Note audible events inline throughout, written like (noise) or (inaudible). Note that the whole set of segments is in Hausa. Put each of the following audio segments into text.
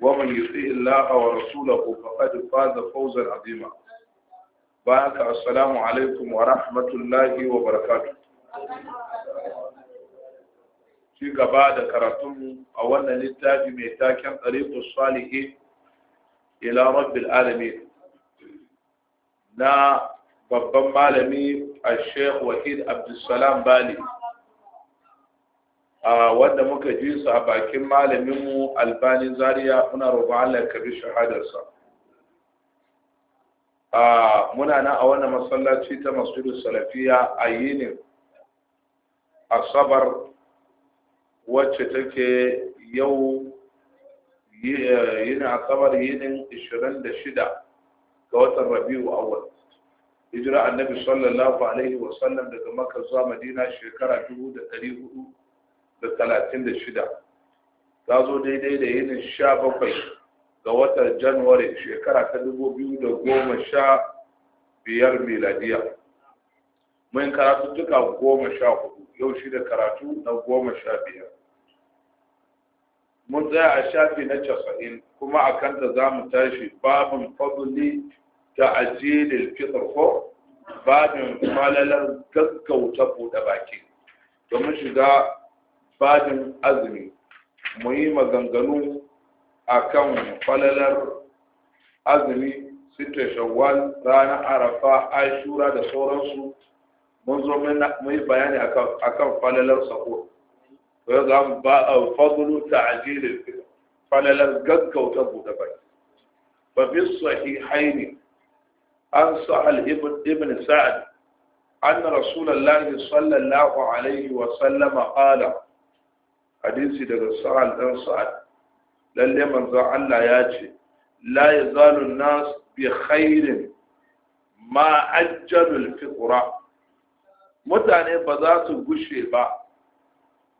ومن يطيع الله ورسوله فقد فاز فوزا عظيما بارك السلام عليكم ورحمة الله وبركاته في بعد كراتم أولا للتاج ميتا طريق الصالح إلى رب العالمين نا ببن معلمي الشيخ وحيد عبد السلام بالي wanda muka ji su a bakin malaminmu albani zaria muna roƙon Allah ka bi shahadarsa muna nan a wannan masallaci ta masjidu salafiya a yinin asabar wacce take yau eh, yin asabar yinin 26 ga watan rabiu awal hijira annabi sallallahu alaihi wasallam daga makka zuwa madina shekara 1400 da talatin da shida ta zo daidai da yin sha bakwai ga watan januwari shekara ta dubu biyu da goma sha biyar miladiya mun karatu duka goma sha hudu yau shi da karatu na goma sha biyar mun tsaya a shafi na casa'in kuma a kanta za mu tashi babin fadli ta ajiyar fitar ko babin falalar gaggauta buɗe baki domin shiga babin azumi mu yi maganganu a kan falalar azumi sita shawwal rana arafa ashura da sauransu mun zo mun yi bayani a kan falalar sako to yau za mu ba a fadulu ta ajiyar falalar gaggauta buɗe bai ba fi haini an sa'al ibn sa'ad anna rasulullahi sallallahu alaihi wa sallama qala hadisi daga sa'al dan sa'ad lalle manzon Allah ya ce la yazalu nas bi khairin ma al fiqra mutane ba za su gushe ba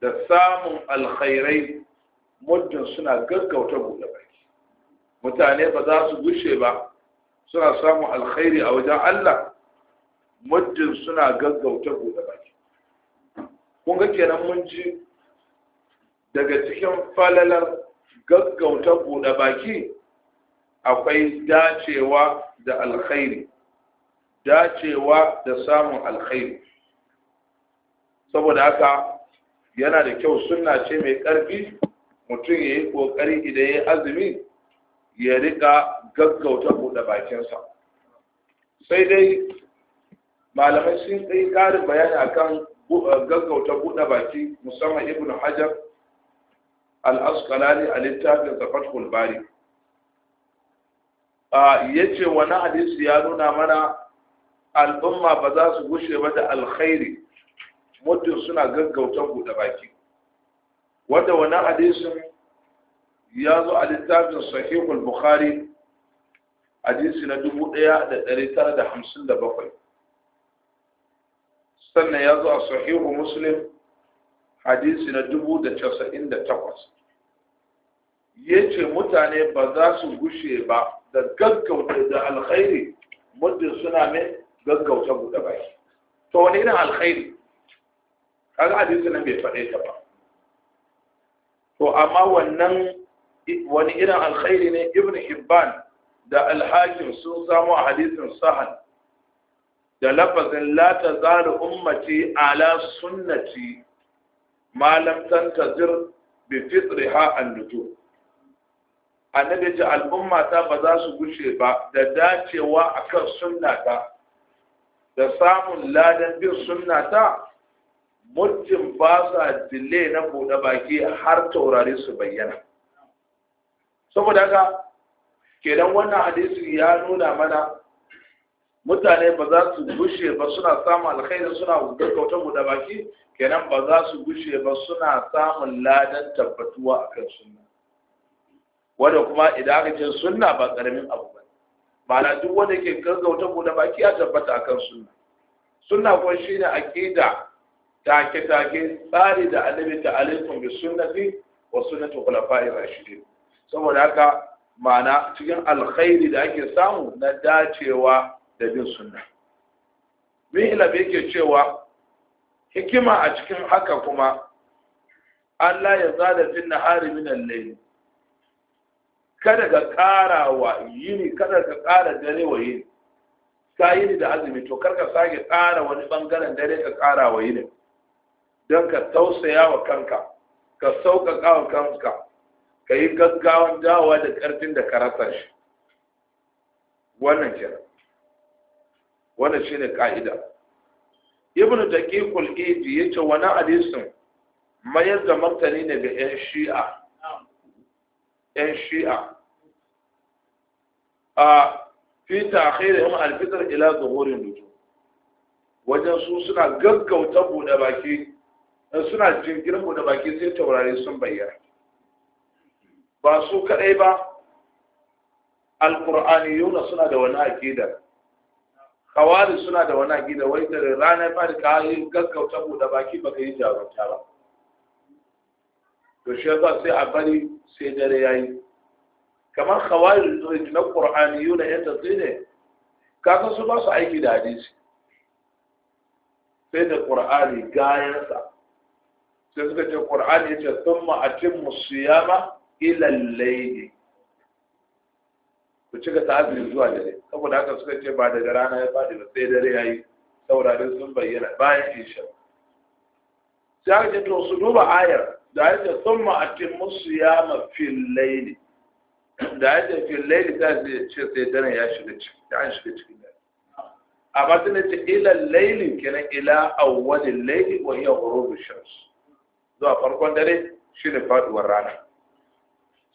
da samun alkhairai muddin suna gaggauta gobe mutane ba za su gushe ba suna samun alkhairi a wajen Allah muddin suna gaggauta buɗe baki kun ga kenan mun ji daga cikin falalar gaggauta buɗe baki akwai dacewa da alkhairi dacewa da samun alkhairi saboda haka yana da kyau sunna ce mai ƙarfi mutum ya yi ƙoƙari idan ya yi azumi ya riƙa gaggauta buɗe bakinsa sai dai malamai sun yi ƙarin bayani akan gaggauta buɗe baki musamman ibn hajar al-asqalani a littafin fathul bari yace wani hadisi ya nuna mana al'umma ba za su gushe ba da alkhairi mutum suna gaggauta buɗe baki wanda wani hadisin ya zo a littafin sahihul bukhari hadisi na 1957 sannan ya zo a sahihu muslim hadisi na 1998 ya ce mutane ba za su gushe ba da gaggauta da alkhairi muddin suna mai gaggauta buɗe baki to wani irin alkhairi kaga hadisi nan bai faɗe ta ba to amma wannan wani irin alkhairi ne ibn hibban da alhakim sun samu a hadisin sahan da lafazin la tazalu ummati ala sunnati ma lam tantazir bi fitriha an-nujum annabi ce al'umma ta ba za su gushe ba da dacewa akan sunna ta da samun ladan bin sunna ta ba sa dile na bude baki har taurari su bayyana saboda haka kenan wannan hadisi ya nuna mana mutane ba za su gushe ba suna samun alkhairi suna gaggauta buɗe baki kenan ba za su gushe ba suna samun ladan tabbatuwa akan sunna wanda kuma idan aka ce sunna ba karamin abu ba ma'ana duk wanda ke gaggauta buɗe baki ya tabbata akan sunna sunna ko shine aqida take take tsari da annabi ta alaikum bi sunnati wa sunnati khulafa'ir rashidin saboda haka ma'ana cikin alkhairi da ake samu na dacewa da bin sunna bin ilabe yake cewa hikima a cikin haka kuma Allah ya zada fin nahari min al-layl kada ka ƙara wa yini kada ka ƙara dare wa yini ka yini da azumi to kar ka sake ƙara wani bangaren dare ka ƙara wa yini don ka tausaya wa kanka ka sauƙaƙa wa kanka ka yi gaggawan dawowa da ƙarfin da ka rasa shi wannan kenan wannan shine ka'ida ibnu taqiqul idi yace wani hadisin mayar da martani ne ga yan shi'a 'yan shi'a a fi ta'khirihim yawan fitr ila zuhurin nujum wajen su suna gaggauta buɗe baki suna jinkirin buɗe baki sai taurari sun bayyana ba su kaɗai ba alƙur'aniyuna suna da wani aƙida kawari suna da wani aƙida wai da ranar fari ka yi gaggauta buɗe baki ba ka yi jarumta ba to shi yasa sai a bari sai dare ya yi. kamar khawarij na ƙur'ani qur'aniyu na yan tasiri kaga su ba su aiki da hadisi sai da ƙur'ani, gayansa sai suka ce ƙur'ani qur'ani yace thumma atimmu siyama ila al ne?" ku cika ta'azzuri zuwa dare saboda haka suka ce ba daga rana ya fadi ba sai dare ya yi. saboda sun bayyana bayan isha sai aka ce to su duba ayar da yake sun ma'atin musu ya mafin laili da yake fin laili ta ce sai dana ya shiga ciki da an shiga cikin dare a batun da ce ila lailin kenan ila awwalin laili wa iya horo shams zuwa farkon dare shi ne faduwar rana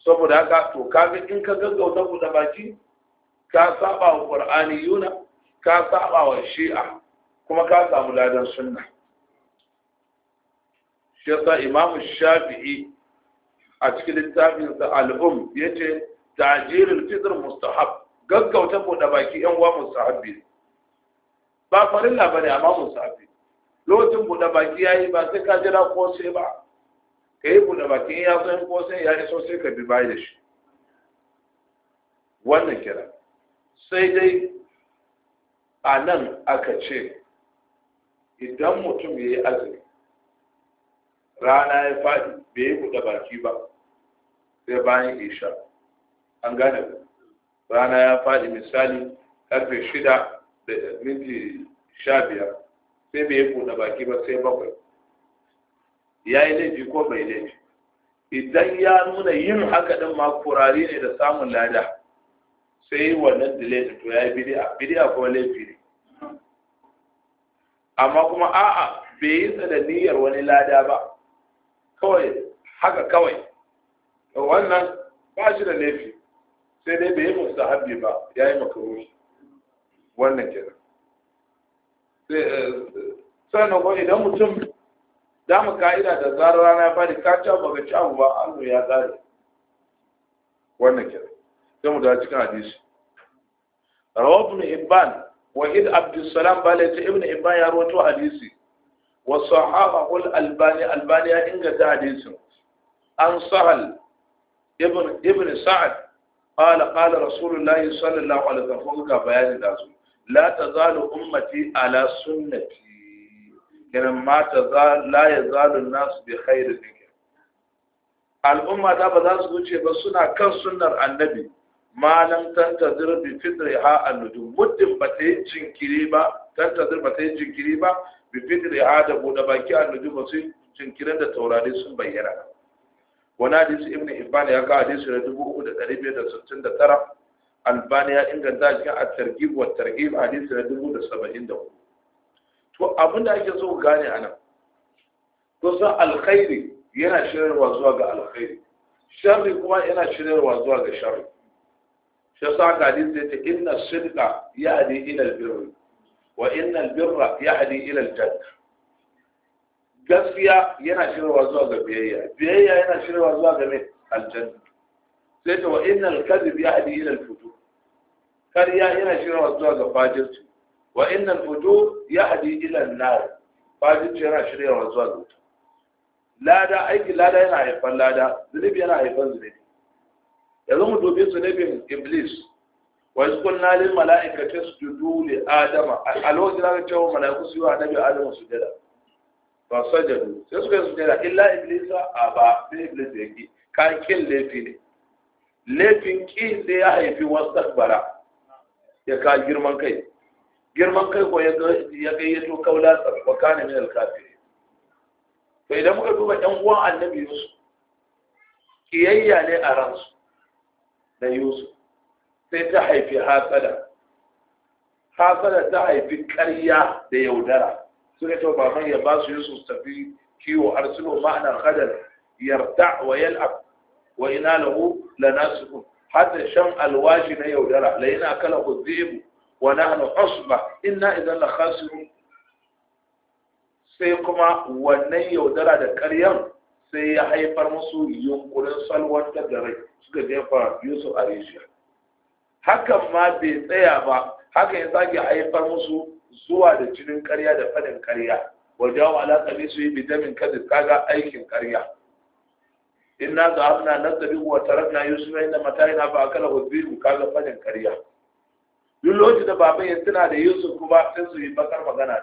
saboda haka to kaga in ka gaggauta da baki ka saba wa qur'ani yuna ka saba wa shi'a kuma ka samu ladan sunan. shiyasa imamu shafi'i a cikin littafin sa al'um ce tajirin fitsar mustahab gaggauta mu da baki yan uwa mustahabbi ba farin labari amma mustahabbi lokacin mu da baki ya yi ba sai ka jira ko sai ba ka yi mu da baki ya yin ko sai ya so sai ka bi bai da shi wannan kira sai dai a nan aka ce idan mutum ya yi azumi rana ya faɗi bai yi buɗe baki ba sai bayan isha an gane ku rana ya faɗi misali karfe shida da minti sha biyar sai bai yi buɗe baki ba sai bakwai ya yi laifi ko bai laifi idan ya nuna yin haka ɗin ma kurari ne da samun lada sai wannan delay to ya yi bidiya bidiya ko laifi ne amma kuma a'a bai yi sanadiyar wani lada ba kawai haka kawai wannan ba shi da laifi sai dai bai yi musta habbi ba ya yi makarushi wannan kenan eh, na kuma idan mutum da mu ka'ida da zarar rana ya fadi ka ci ba ga ci abu ba allo ya tsare wannan kenan sai mu da cikin hadisi rawabu ibn ibban wa id abdussalam balaita ibn ibban ya rawato hadisi wa sahahahu al-albani albani ya inganta hadisin an sahal ibn sa'ad qala qala rasulullahi sallallahu alaihi wasallam ga bayani da su la tazalu ummati ala sunnati kana ma tazal la yazalu an-nas bi khair ba za su wuce ba suna kan sunnar annabi ma lam tantazir bi muddin ba ta yi jinkiri ba ba ta yi jinkiri ba ya adamu da baki annujuma sun cinkirin da taurari sun bayyana wani hadisi ibn ibban ya ga hadisi na 3569 albani ya inganta cikin at-targhib wa targhib hadisi na 1074 to abin da ake so gane anan kusan alkhairi yana shirarwa zuwa ga alkhairi sharri kuma yana shirarwa zuwa ga sharri shi yasa ga hadisi ya ce inna sidqa ya'di ila al-birr wa innal birra yahdi ila aljanna gaskiya yana shirwa zuwa ga biyayya biyayya yana shirwa zuwa ga mai aljanna sai ta wa innal kadhib yahdi ila alfutur kariya yana shirwa zuwa ga fajirci wa innal futur yahdi ila an-nar fajirci yana shirwa zuwa ga wuta aiki lada yana haifan lada zunubi yana dubi zunubin iblis wa iz qulna lil mala'ikati isjudu li adama a lokacin da aka ce wa mala'iku su yi wa annabi adamu sujada fa sajadu sai suka yi sujada illa iblisa aba sai iblis ka kin laifi ne laifin kin sai ya haifi wastakbara ya ka girman kai girman kai ko ya gayyato kaula wa kana min al-kafirin to idan muka duba ɗan uwan annabi Yusuf kiyayya ne a ransu da Yusuf sai ta haifi hasada hasada ta haifi karya da yaudara suka ta baban ya ba su yi su tafi kiwo arsulo ma'ana kadar yarda wa yal'ab wa ina lahu lanasukun hatta shan alwashi na yaudara la yana kala huzebu wa nahnu usba inna idan la khasirun sai kuma wannan yaudara da karyan sai ya haifar musu yunkurin salwantar da rai suka jefa yusuf a asia hakan ma bai tsaya ba hakan ya sake haifar musu zuwa da jinin karya da fadin karya wajawo alaƙami su yi bidamin kadis kaga aikin karya inna ga na nasabi wa yi yusuf inda yana ba a kala hudbiru kaga fadin karya duk lokacin da baban ya tuna da yusuf kuma sai su yi bakar magana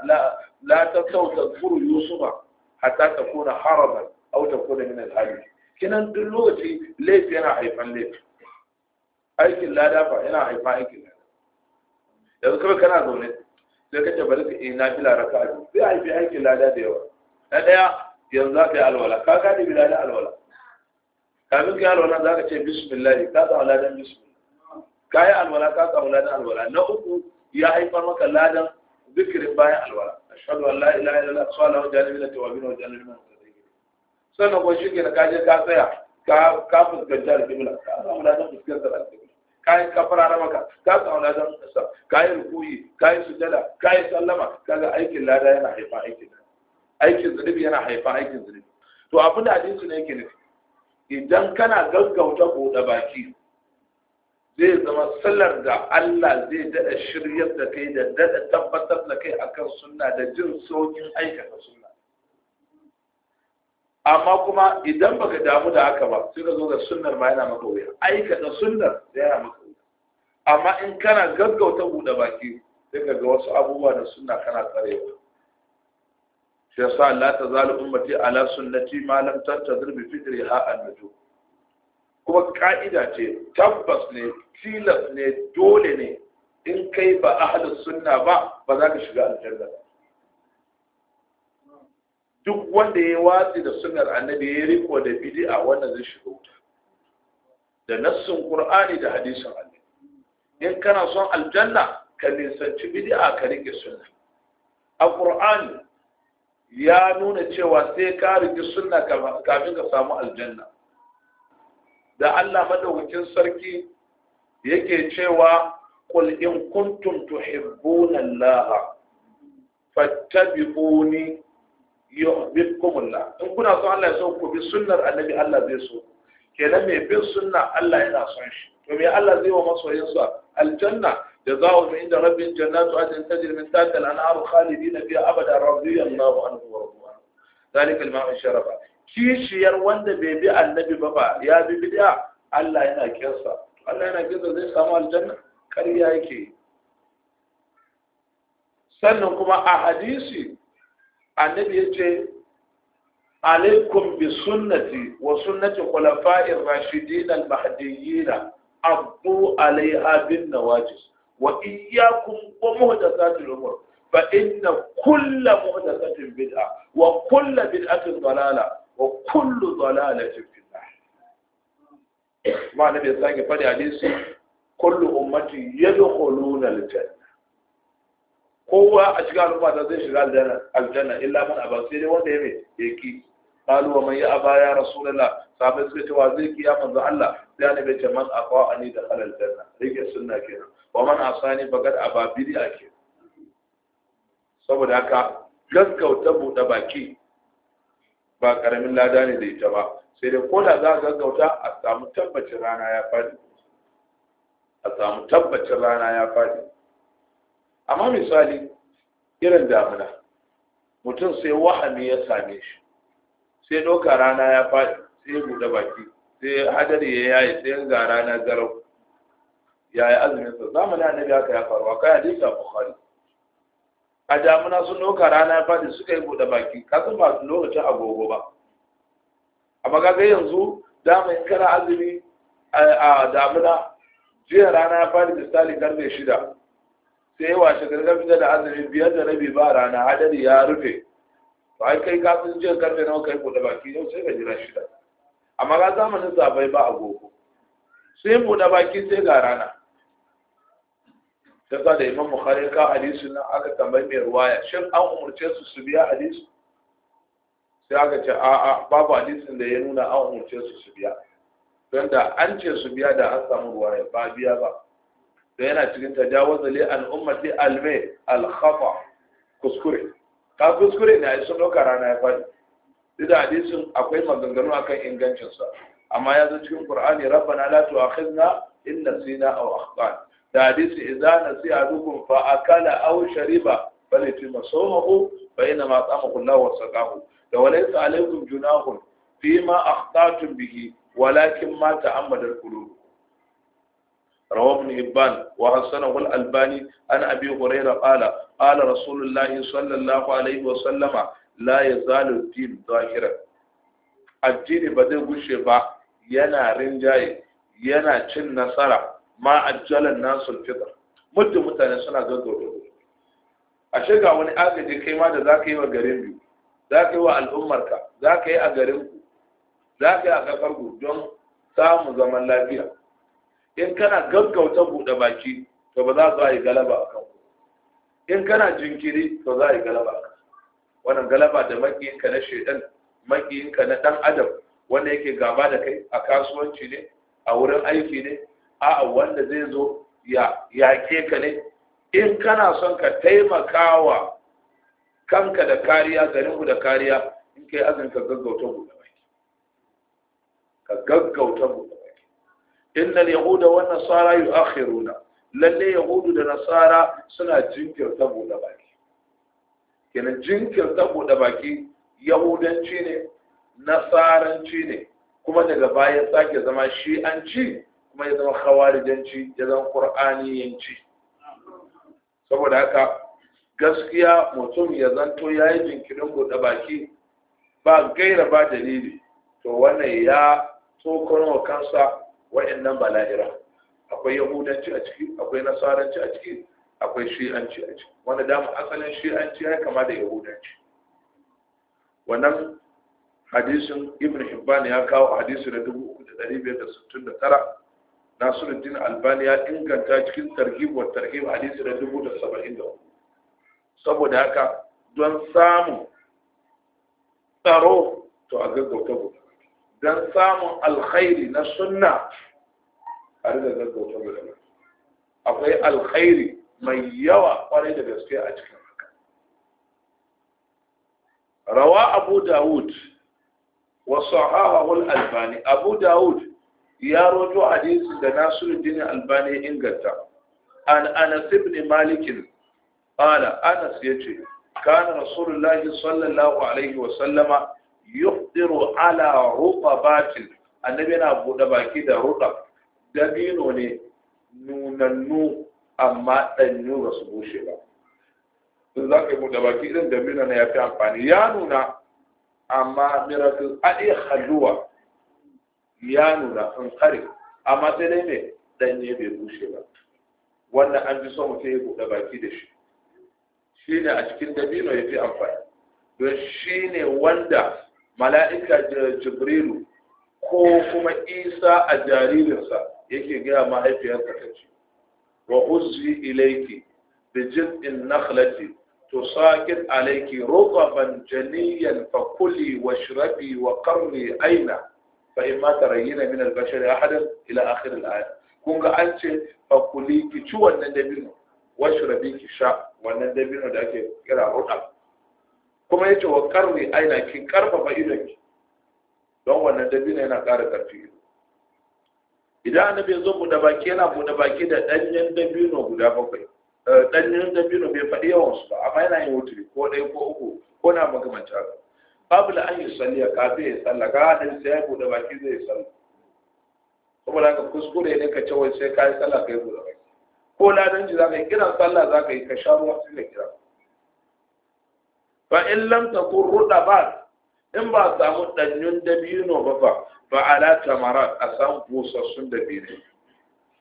la ta sauta furu yusufa hatta ta kona haramar au ta kuna min alhali kinan duk lokaci laifi yana haifan laifi aikin lada fa yana haifa aikin lada yanzu kawai kana zaune sai ka bari ka ina fila raka a biyu sai haifi aikin lada da yawa na ɗaya yanzu za ka yi alwala ka gane bi lada alwala kafin ka yi alwala za ka ce bismillah ka samu ladan bismillah ka yi alwala ka samu ladan alwala na uku ya haifar maka ladan zikirin bayan alwala ashhadu an la ilaha illallah sallallahu alaihi wa sallam wa jalla min sannan ko shi ke ka je ka tsaya ka fuskanci alƙibla ka samu ladan fuskantar alƙibla kayan kafara na maka ka kauna da sa kayan rukuyi kayan sujada kayan sallama kaga aikin lada yana haifa aikin aikin zunubi yana haifa aikin zunubi to abin da hadisi ne yake nufi idan kana gaggauta da baki zai zama sallar da Allah zai daɗa shiryar da kai da daɗa tabbatar da kai akan sunna da jin saukin aikata sunna amma kuma idan baka damu da haka ba sai ka zo ga sunnar ma yana maka wuya aikata sunnar da yana maka wuya amma in kana gaggauta buɗe baki sai ka ga wasu abubuwa da sunna kana tsarewa shi yasa Allah ta zalu ummati ala sunnati ma lam tantazir bi fitriha an-nujum kuma ka'ida ce tabbas ne tilas ne dole ne in kai ba ahlus sunna ba ba za ka shiga aljanna ba duk wanda ya watsi da sunar annabi ya riko da bid'a wannan zai shiga wuta da nassin qur'ani da hadisin annabi in kana son aljanna ka nisanci bid'a ka rike sunna a qur'ani ya nuna cewa sai ka rike sunna kafin ka samu aljanna da Allah madaukakin sarki yake cewa qul in kuntum tuhibbuna allaha fattabi'uni yuhibbukumullah in kuna son Allah ya so ku bi sunnar annabi Allah zai so kenan mai bin sunna Allah yana son shi to me Allah zai wa masoyinsa aljanna جزاؤهم عند ربهم جنات عدن تجري من تحتها الانهار خالدين فيها ابدا رضي الله عنه ورضوانه ذلك الماء الشرب kishiyar wanda bai bi annabi ba ba ya bi bid'a Allah yana kiyarsa Allah yana kiyarsa zai samu aljanna kariya yake sannan kuma a hadisi النبي يجي عليكم بسنتي وسنة خلفاء الراشدين المهديين عضوا عليها بالنواجس وإياكم ومهدثات الأمور فإن كل مهدثة بدعة وكل بدعة ضلالة وكل ضلالة في النار ما نبي الثاني فدي كل أمتي يدخلون الجنة kowa a cikin al'umma ta zai shiga aljanna illa man aba sai dai wanda ya mai yaki qalu wa man ya aba ya rasulullah sahabbai suka ce wa zai ki ya manzo Allah sai annabi ce man aqa ani da halal janna rike sunna kenan wa man asani faqad aba bid'a ke saboda haka gaskauta buɗe baki ba karamin lada ne da ita ba sai dai ko da za a gaggauta a samu tabbacin rana ya faɗi a samu tabbacin rana ya faɗi amma misali irin damuna mutum sai wahami ya same shi sai ɗauka rana ya faɗi sai buɗe baki sai hadari ya yayi sai ga rana garau ya yi azumin sa zamanin annabi haka ya faruwa kai hadisi a bukhari a damuna sun ɗauka rana ya faɗi suka yi buɗe baki kasan ba su lokacin agogo ba amma ga yanzu dama in kana azumi a damuna jiya rana ya faɗi misali karfe shida sai washe gargafi da azumin biyar da rabi ba rana hadari ya rufe to ai kai kafin sun jin karfe nawa kai buɗe baki yau sai ka jira shida amma ga zamanin zabai ba agogo sai buɗe baki sai ga rana ta sa da imam bukhari ka hadisi nan aka tambayi mai ruwaya shin an umarce su su biya hadisi sai aka ce a'a babu hadisin da ya nuna an umarce su su biya don da an ce su biya da an samu ruwaya ba biya ba da yana cikin tajawaza li al'ummati alme al-khafa kuskure ka kuskure ne a sun ɗauka rana ya faɗi duk hadisin akwai maganganu akan ingancinsa amma ya zo cikin qur'ani rabbana la tu'akhidna in nasina aw akhtana da hadisi idza nasiya dukum fa akala aw shariba falitima sawmahu fa inna ma tsamahu Allah wa saqahu da walaysa alaykum junahun fima akhtatum biki? walakin mata amadar Kulu. رواه ابن حبان وحسنه الألباني عن أبي هريرة قال قال رسول الله صلى الله عليه وسلم لا يزال الدين ظاهرا الدين بدأ قشبا ينا رنجاي ينا cin nasara ma ajjalan nasul fitr muddin mutane suna gaggauta a shiga wani agaji kai ma da zaka yi wa garin biyu zaka yi wa al'ummarka zaka yi a garin ku zaka yi a kasar ku don samun zaman lafiya in kana gaggauta buɗe baki to ba za su yi galaba a kan in kana jinkiri to za a yi galaba a kanku. wannan galaba da makiyinka na shaidan makiyinka na ɗan adam wanda yake gaba da kai a kasuwanci ne a wurin aiki ne a wanda zai zo ya ke ka ne in kana son ka taimakawa kanka da kariya garinku da kariya in kai azin ka gaggauta buɗe baki ka gaggauta buɗe innal yahuda wan nasara yu'akhiruna lalle yahudu da nasara suna jinkirta buɗe baki kenan jinkirta buɗe baki yahudanci ne nasaranci ne kuma daga baya sake zama shi'anci kuma ya zama khawarijanci ya zama qur'aniyanci saboda haka gaskiya mutum ya zanto ya yi jinkirin buɗe baki ba gaira ba dalili to wannan ya tsokano kansa nan ba la'ira akwai yahudanci a ciki akwai nasaranci a ciki akwai shi'anci a ciki wanda dama asalin shi'anci ya kama da yahudanci wannan hadisin ibn hibban ya kawo hadisi na 3569 nasiruddin albani ya inganta cikin targhib wa targhib hadisi na 1074 saboda haka don samun tsaro to a gaggauta guda don samun alkhairi na sunna a riga gaggauta gudanar akwai alkhairi mai yawa kwarai da gaske a cikin haka rawa abu dawud wasu hahahul albani abu dawud ya rojo hadisi da nasiruddin albani inganta an anas ibn malikin qala anas yace kana rasulullahi sallallahu alaihi wa sallama yuqdiru ala ruqabatin annabi yana buɗe baki da ruqab dabino ne nunannu amma dan ba su bushe ba sun za ka yi buɗe baki idan dabino na ya fi amfani ya nuna amma miracle aɗe haluwa ya nuna in kare amma sai dai ne ɗanye bai bushe ba wannan an fi so mu yi buɗe baki da shi shi ne a cikin dabino ya fi amfani don shi ne wanda mala'ika jibrilu ko kuma isa a jaririnsa yake gaya mahaifiyarka ta ce wa uzzi ilayki bi jiz'in nakhlati tusaqit alayki rutban janiyan fa wa washrabi wa karni aina fa imma tarayyina min al a ahadan ila akhir al kun ga an ce fa ki ci wannan dabino washrabi ki sha wannan dabino da ake kira rutba kuma yace wa karni aina ki karfafa idonki. ki don wannan dabino yana ƙara ƙarfi idan annabi zo mu da baki yana mu da baki da danyen dabino guda bakwai danyen eh, dabino bai faɗi yawan su ba amma yana yin wuturi ko ɗaya ko uku ko na magamanta haka babu la an yi salliya kafin ya salla ka hadin sai ya buɗe baki zai salla da ka kuskure ne ka ce wai sai ka yi salla ka yi buɗe baki ko ladan ji za ka yi kiran salla za ka yi ka sha ruwa sai ka kira fa in lam takun ba in ba samu danyun dabino ba fa fa ala tamara a samu busassun dabino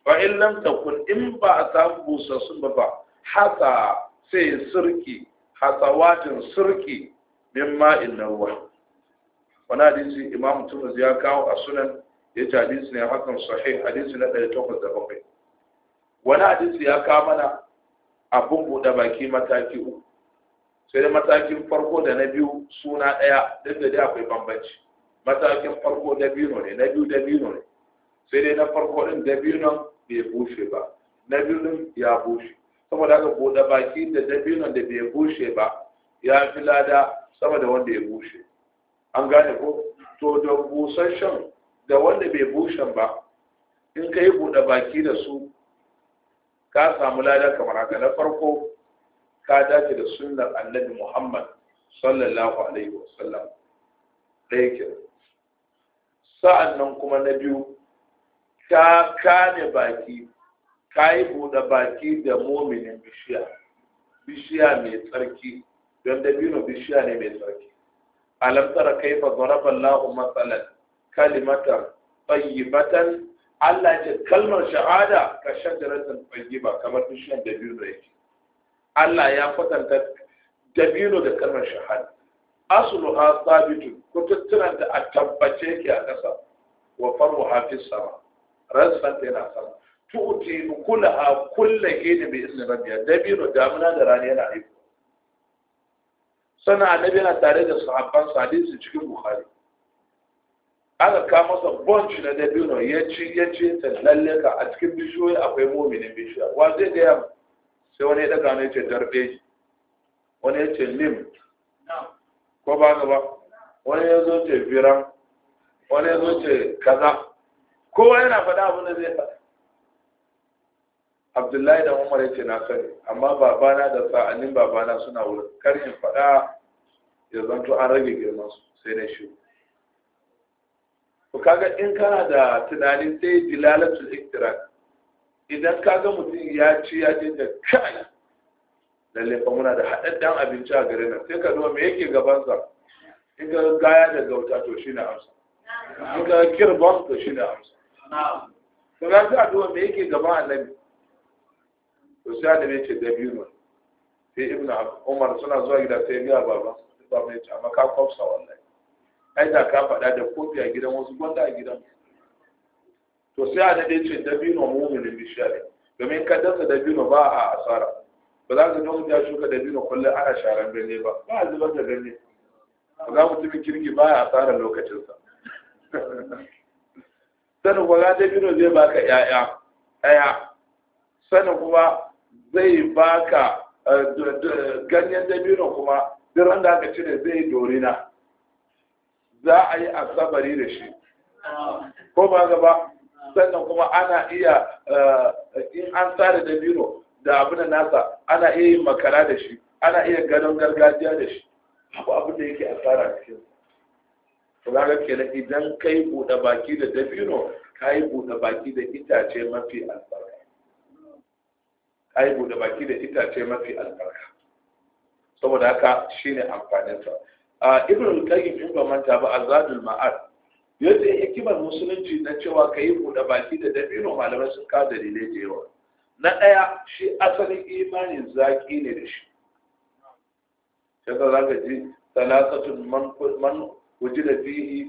fa in lam takun in ba a samu busassun ba fa hasa sai sirki hasawatin sirki min ma in nawwa wani hadisi imam tumus ya kawo a sunan ya ce hadisi ne hakan sahih hadisi na bakwai. wani hadisi ya kawo mana abun buɗe baki mataki uku sai da matakin farko da na biyu suna ɗaya duk da dai akwai bambanci matakin farko dabino ne na biyu dabino ne sai dai na farko ɗin dabinon bai bushe ba na biyu ɗin ya bushe saboda haka ko da baki da dabinon da bai bushe ba ya fi lada sama da wanda ya bushe an gane ko to da busasshen da wanda bai bushen ba in ka yi buɗe baki da su ka samu lada kamar haka na farko ka dace da sunnar annabi muhammad sallallahu alaihi wasallam ɗaya ke sa'an nan kuma na biyu ka kane baki ka yi buɗe baki da mominin bishiya bishiya mai tsarki don dabino bishiya ne mai tsarki alam kai fa zaraba Allahu matsalan kalimatar tayyibatan Allah ce kalmar shahada ka shajaratan tayyiba kamar bishiyar dabino yake Allah ya kwatanta dabino da kalmar shahada Sabitu ko kututtunan da a tabbace yake a ƙasa wa farwa hafiz sama rasfan yana sama a kulle kullu hina bi izini rabiya dabino damina da rani yana aiki sana annabi yana tare da sahabban sadisi cikin buhari aka ka masa bunch na dabino ya ci ya ci ta lalleka a cikin bishiyoyi akwai mominin bishiya wa zai gaya sai wani ya daga ne ce shi wani ya ce lim ko ba gaba wani ya zo ce bira wani ya zo ce kaza kowa yana faɗa abin da zai faɗa abdullahi da umar ya ce na sani amma babana da sa'annin babana suna wurin karin faɗa ya zanto an rage girman su sai na shi ku kaga in kana da tunanin sai dilalatul iktirak idan ka ga mutum ya ci ya je da kai lalle fa muna da haɗaɗɗen abinci a gare nan sai ka zo me yake gabansa in ka gaya da gauta to shi na amsa in ka kirbon to shi na amsa to ga ka zo me yake gaban annabi to sai annabi da ce ne? sai ibnu umar suna zuwa gida sai ya ga baban ba mai ci amma ka kwafsa wallahi ai da ka faɗa da kofi a gidan wasu gwanda a gidan wasu to sai a daɗe ce dabino bi bishari domin ka dasa dabino ba a asara ba za ka don ya shuka dabino kulle ana sharan ganye ba ba a zubar da ganye ba za mu tafi kirki ba a asara lokacinsa (laughs) sanin kuma dabino zai baka ƴaƴa ɗaya sanin kuma zai baka eh, ganyen dabino kuma duk da aka cire zai dorina za a yi asabari da shi ko ba gaba sannan kuma ana iya eh, in an tsara da biro da abin nasa ana iya yin makara da shi ana iya ganin gargajiya da shi abu abin da yake asara cikin ke na idan kai buɗe baki da dabino ka yi buɗe baki da itace mafi albarka ka yi buɗe baki da itace mafi albarka saboda haka shine amfaninsa sa. Ah, al-qayyim in ba manta ba azadul ma'ad yadda hikimar musulunci na cewa ka yi buɗe baki da dabino malamai sun ka dalilai da yawa na ɗaya shi asalin imanin zaƙi ne da shi yadda za ka ji talatatun man wuji da fihi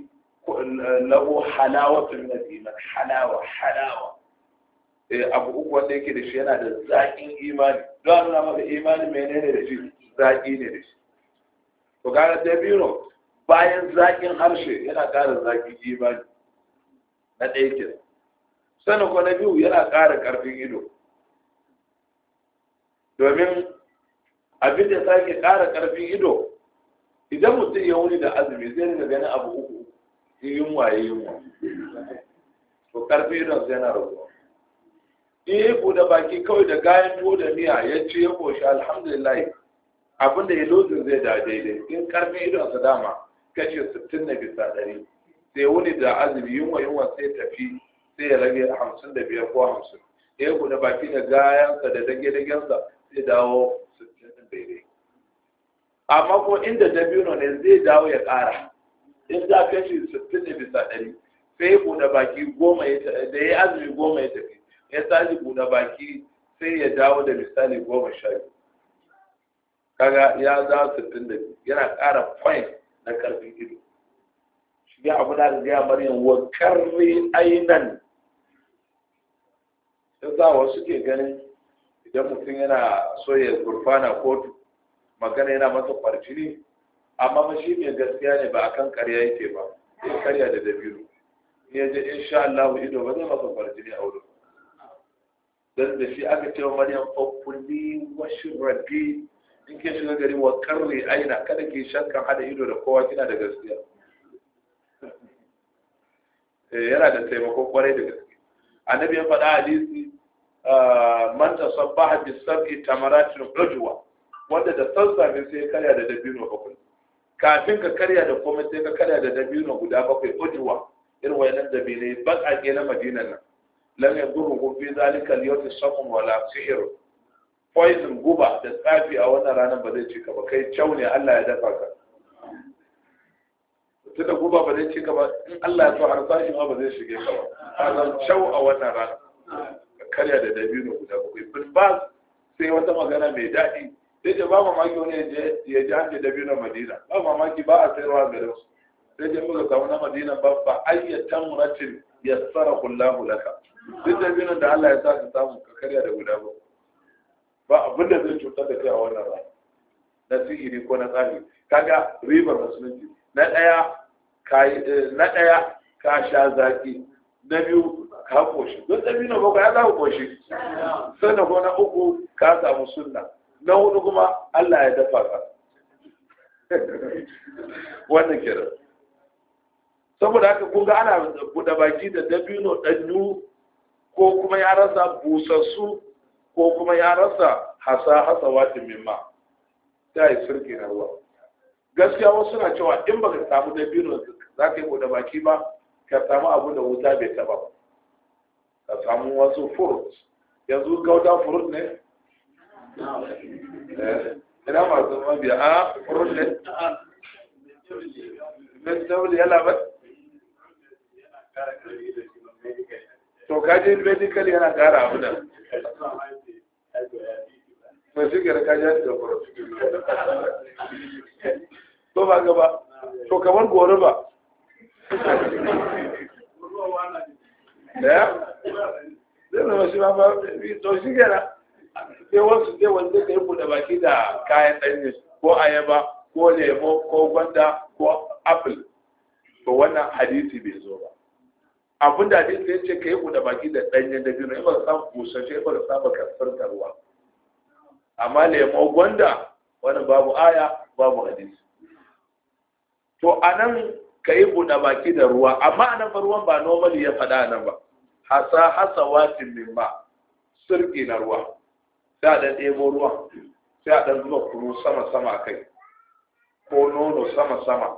lagu halawa tun na iman halawa halawa eh, abu uku wanda yake da shi yana da zaƙin imani don nuna maka imanin menene da shi zaƙi ne da shi to gara dabino bayan zakin harshe yana ƙara ji ba na ɗaya sanin sannan ko na biyu yana ƙara ƙarfin ido domin abin da sake ƙara ƙarfin ido idan mutum ya wuni da azumi zai rika ganin abu uku yi yunwa yi yunwa to ƙarfin idon sai yana raguwa in ya yi da baki kawai da gayan tuwo da miya ya ce ya koshi alhamdulillah abin da ya lozin zai da daidai in ƙarfin sa dama kashi sittin na bisa ɗari sai wuni da azumi yunwa yunwa sai tafi sai ya rage hamsin da biyar ko hamsin ya guda baki da gayansa da dage-dagensa sai dawo sittin ɗin daidai amma ko inda dabino ne zai dawo ya ƙara in za kashi sittin da bisa ɗari sai guda baki goma ya da ya azumi goma ya tafi ya tashi guda baki sai ya dawo da misali goma sha biyu kaga ya za su da yana ƙara point na karfin ido shi ya abu da ga maryam wa karri ainan yasa wasu ke ganin idan mutum yana so ya gurfana kotu magana yana masa ne amma shi mai gaskiya ne ba a kan karya yake ba sai karya da dabiru ya je insha Allah ido ba zai masa ne a wurin dan da shi aka ce wa maryam fakuli washrabi in ke shiga gari wa karre aina kada ke shakkan hada ido da kowa kina da gaskiya eh, yana da taimako kwarai da gaske annabi ya faɗa hadisi ah, man tasabbaha bi sab'i tamaratin ujwa wanda da sassafe sai karya da dabino bakwai kafin ka karya da komai sai ka karya da dabino guda bakwai ujwa irin wayannan dabinai bakake na madinan nan lam yadurruhu fi zalika al-yawm saqum wala sihr poison guba da tsafi a wannan ranar ba zai cika ba kai kyau ne Allah ya dafa ka mutum da guba ba zai cika ba in Allah ya so har sashi ma ba zai shige ka ba A zan kyau a wannan ranar ka karya da dabino guda bakwai bin ba sai wata magana mai daɗi sai ce ba mamaki wani ya ji hanci dabino madina ba mamaki ba a ruwa garin su sai ce muka samu na madina ba ba ayyatan ratin yassara kullahu laka duk dabino da Allah ya sa ka samu ka karya da guda bakwai ba abin da zai cutar da kai a wannan ba. na sihiri ko na tsari kaga ribar musulunci na ɗaya ka eh, na ka sha zaki na biyu ka koshi don da biyu na ya za ku koshi sai na gona uku ka samu sunna na hudu kuma Allah ya dafa ka (laughs) wannan kira saboda haka kun ga ana buɗe baki da dabino ɗanyu ko kuma ya rasa busassu ko kuma ya rasa hasa wata mimma ta yi sirki na ruwa gaskiya wasu suna cewa in baka samu da biyu za ka yi da baki ba ka samu abu da wuta bai taba ba ka samu wasu furut yanzu gauta furut ne eh, ina masu mabiya a ah, furut ne min dauli yana ba to kaji medical yana kara abu da mai shigar kaji ya shiga furo to ba gaba to kamar gore ba Ya? Eh? zai zama shi ba ba to shi gara sai wasu sai wanda ka yi buɗe baki da kayan ɗanyi ko ayaba ko lemo ko gwanda ko apple to wannan hadisi bai zo ba abin da hadisi ya ce ka yi buɗe baki da biyu dabino in ba samu busashe ba ka samu kasfar ruwa amma lemo gwanda wani babu aya babu hadisi to a nan ka yi da baki da ruwa amma a nan ba ruwan ba nomali ya faɗa a nan ba hasa hasa watin min ba sirki na ruwa sai a ɗan ɗebo ruwa sai a ɗan zuba kunu sama sama kai ko nono sama sama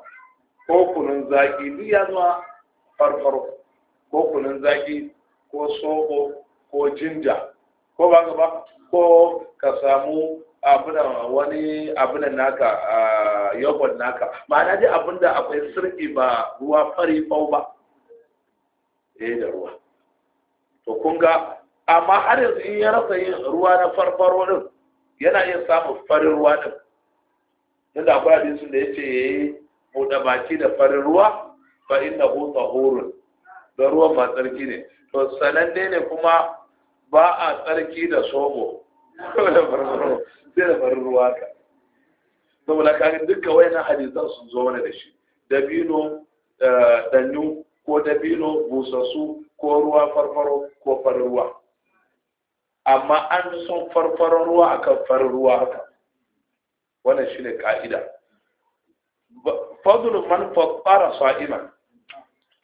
ko kunun zaƙi duk ya farfaro ko kunun zaki ko soko ko jinja ko ba ka ba ko ka samu abin wani abin naka yogurt naka ma'ana dai abinda akwai sirki ba ruwa fari fau ba eh da ruwa to kun ga amma har yanzu in ya rasa yin ruwa na farfaro din yana iya samun farin ruwa din tunda akwai hadisin da ya yi buɗe baki da farin ruwa fa innahu tahurun don ruwan ba tsarki ne to sananne ne kuma ba a tsarki da sobo da sai da farin ruwa ka saboda kaga duka na hadisan sun zo wani da shi dabino eh, danyu ko dabino busassu ko ruwa farfaro ko farin ruwa amma an son farfaron ruwa kan farin ruwa haka wannan shine ka'ida fadlu man fattara sa'iman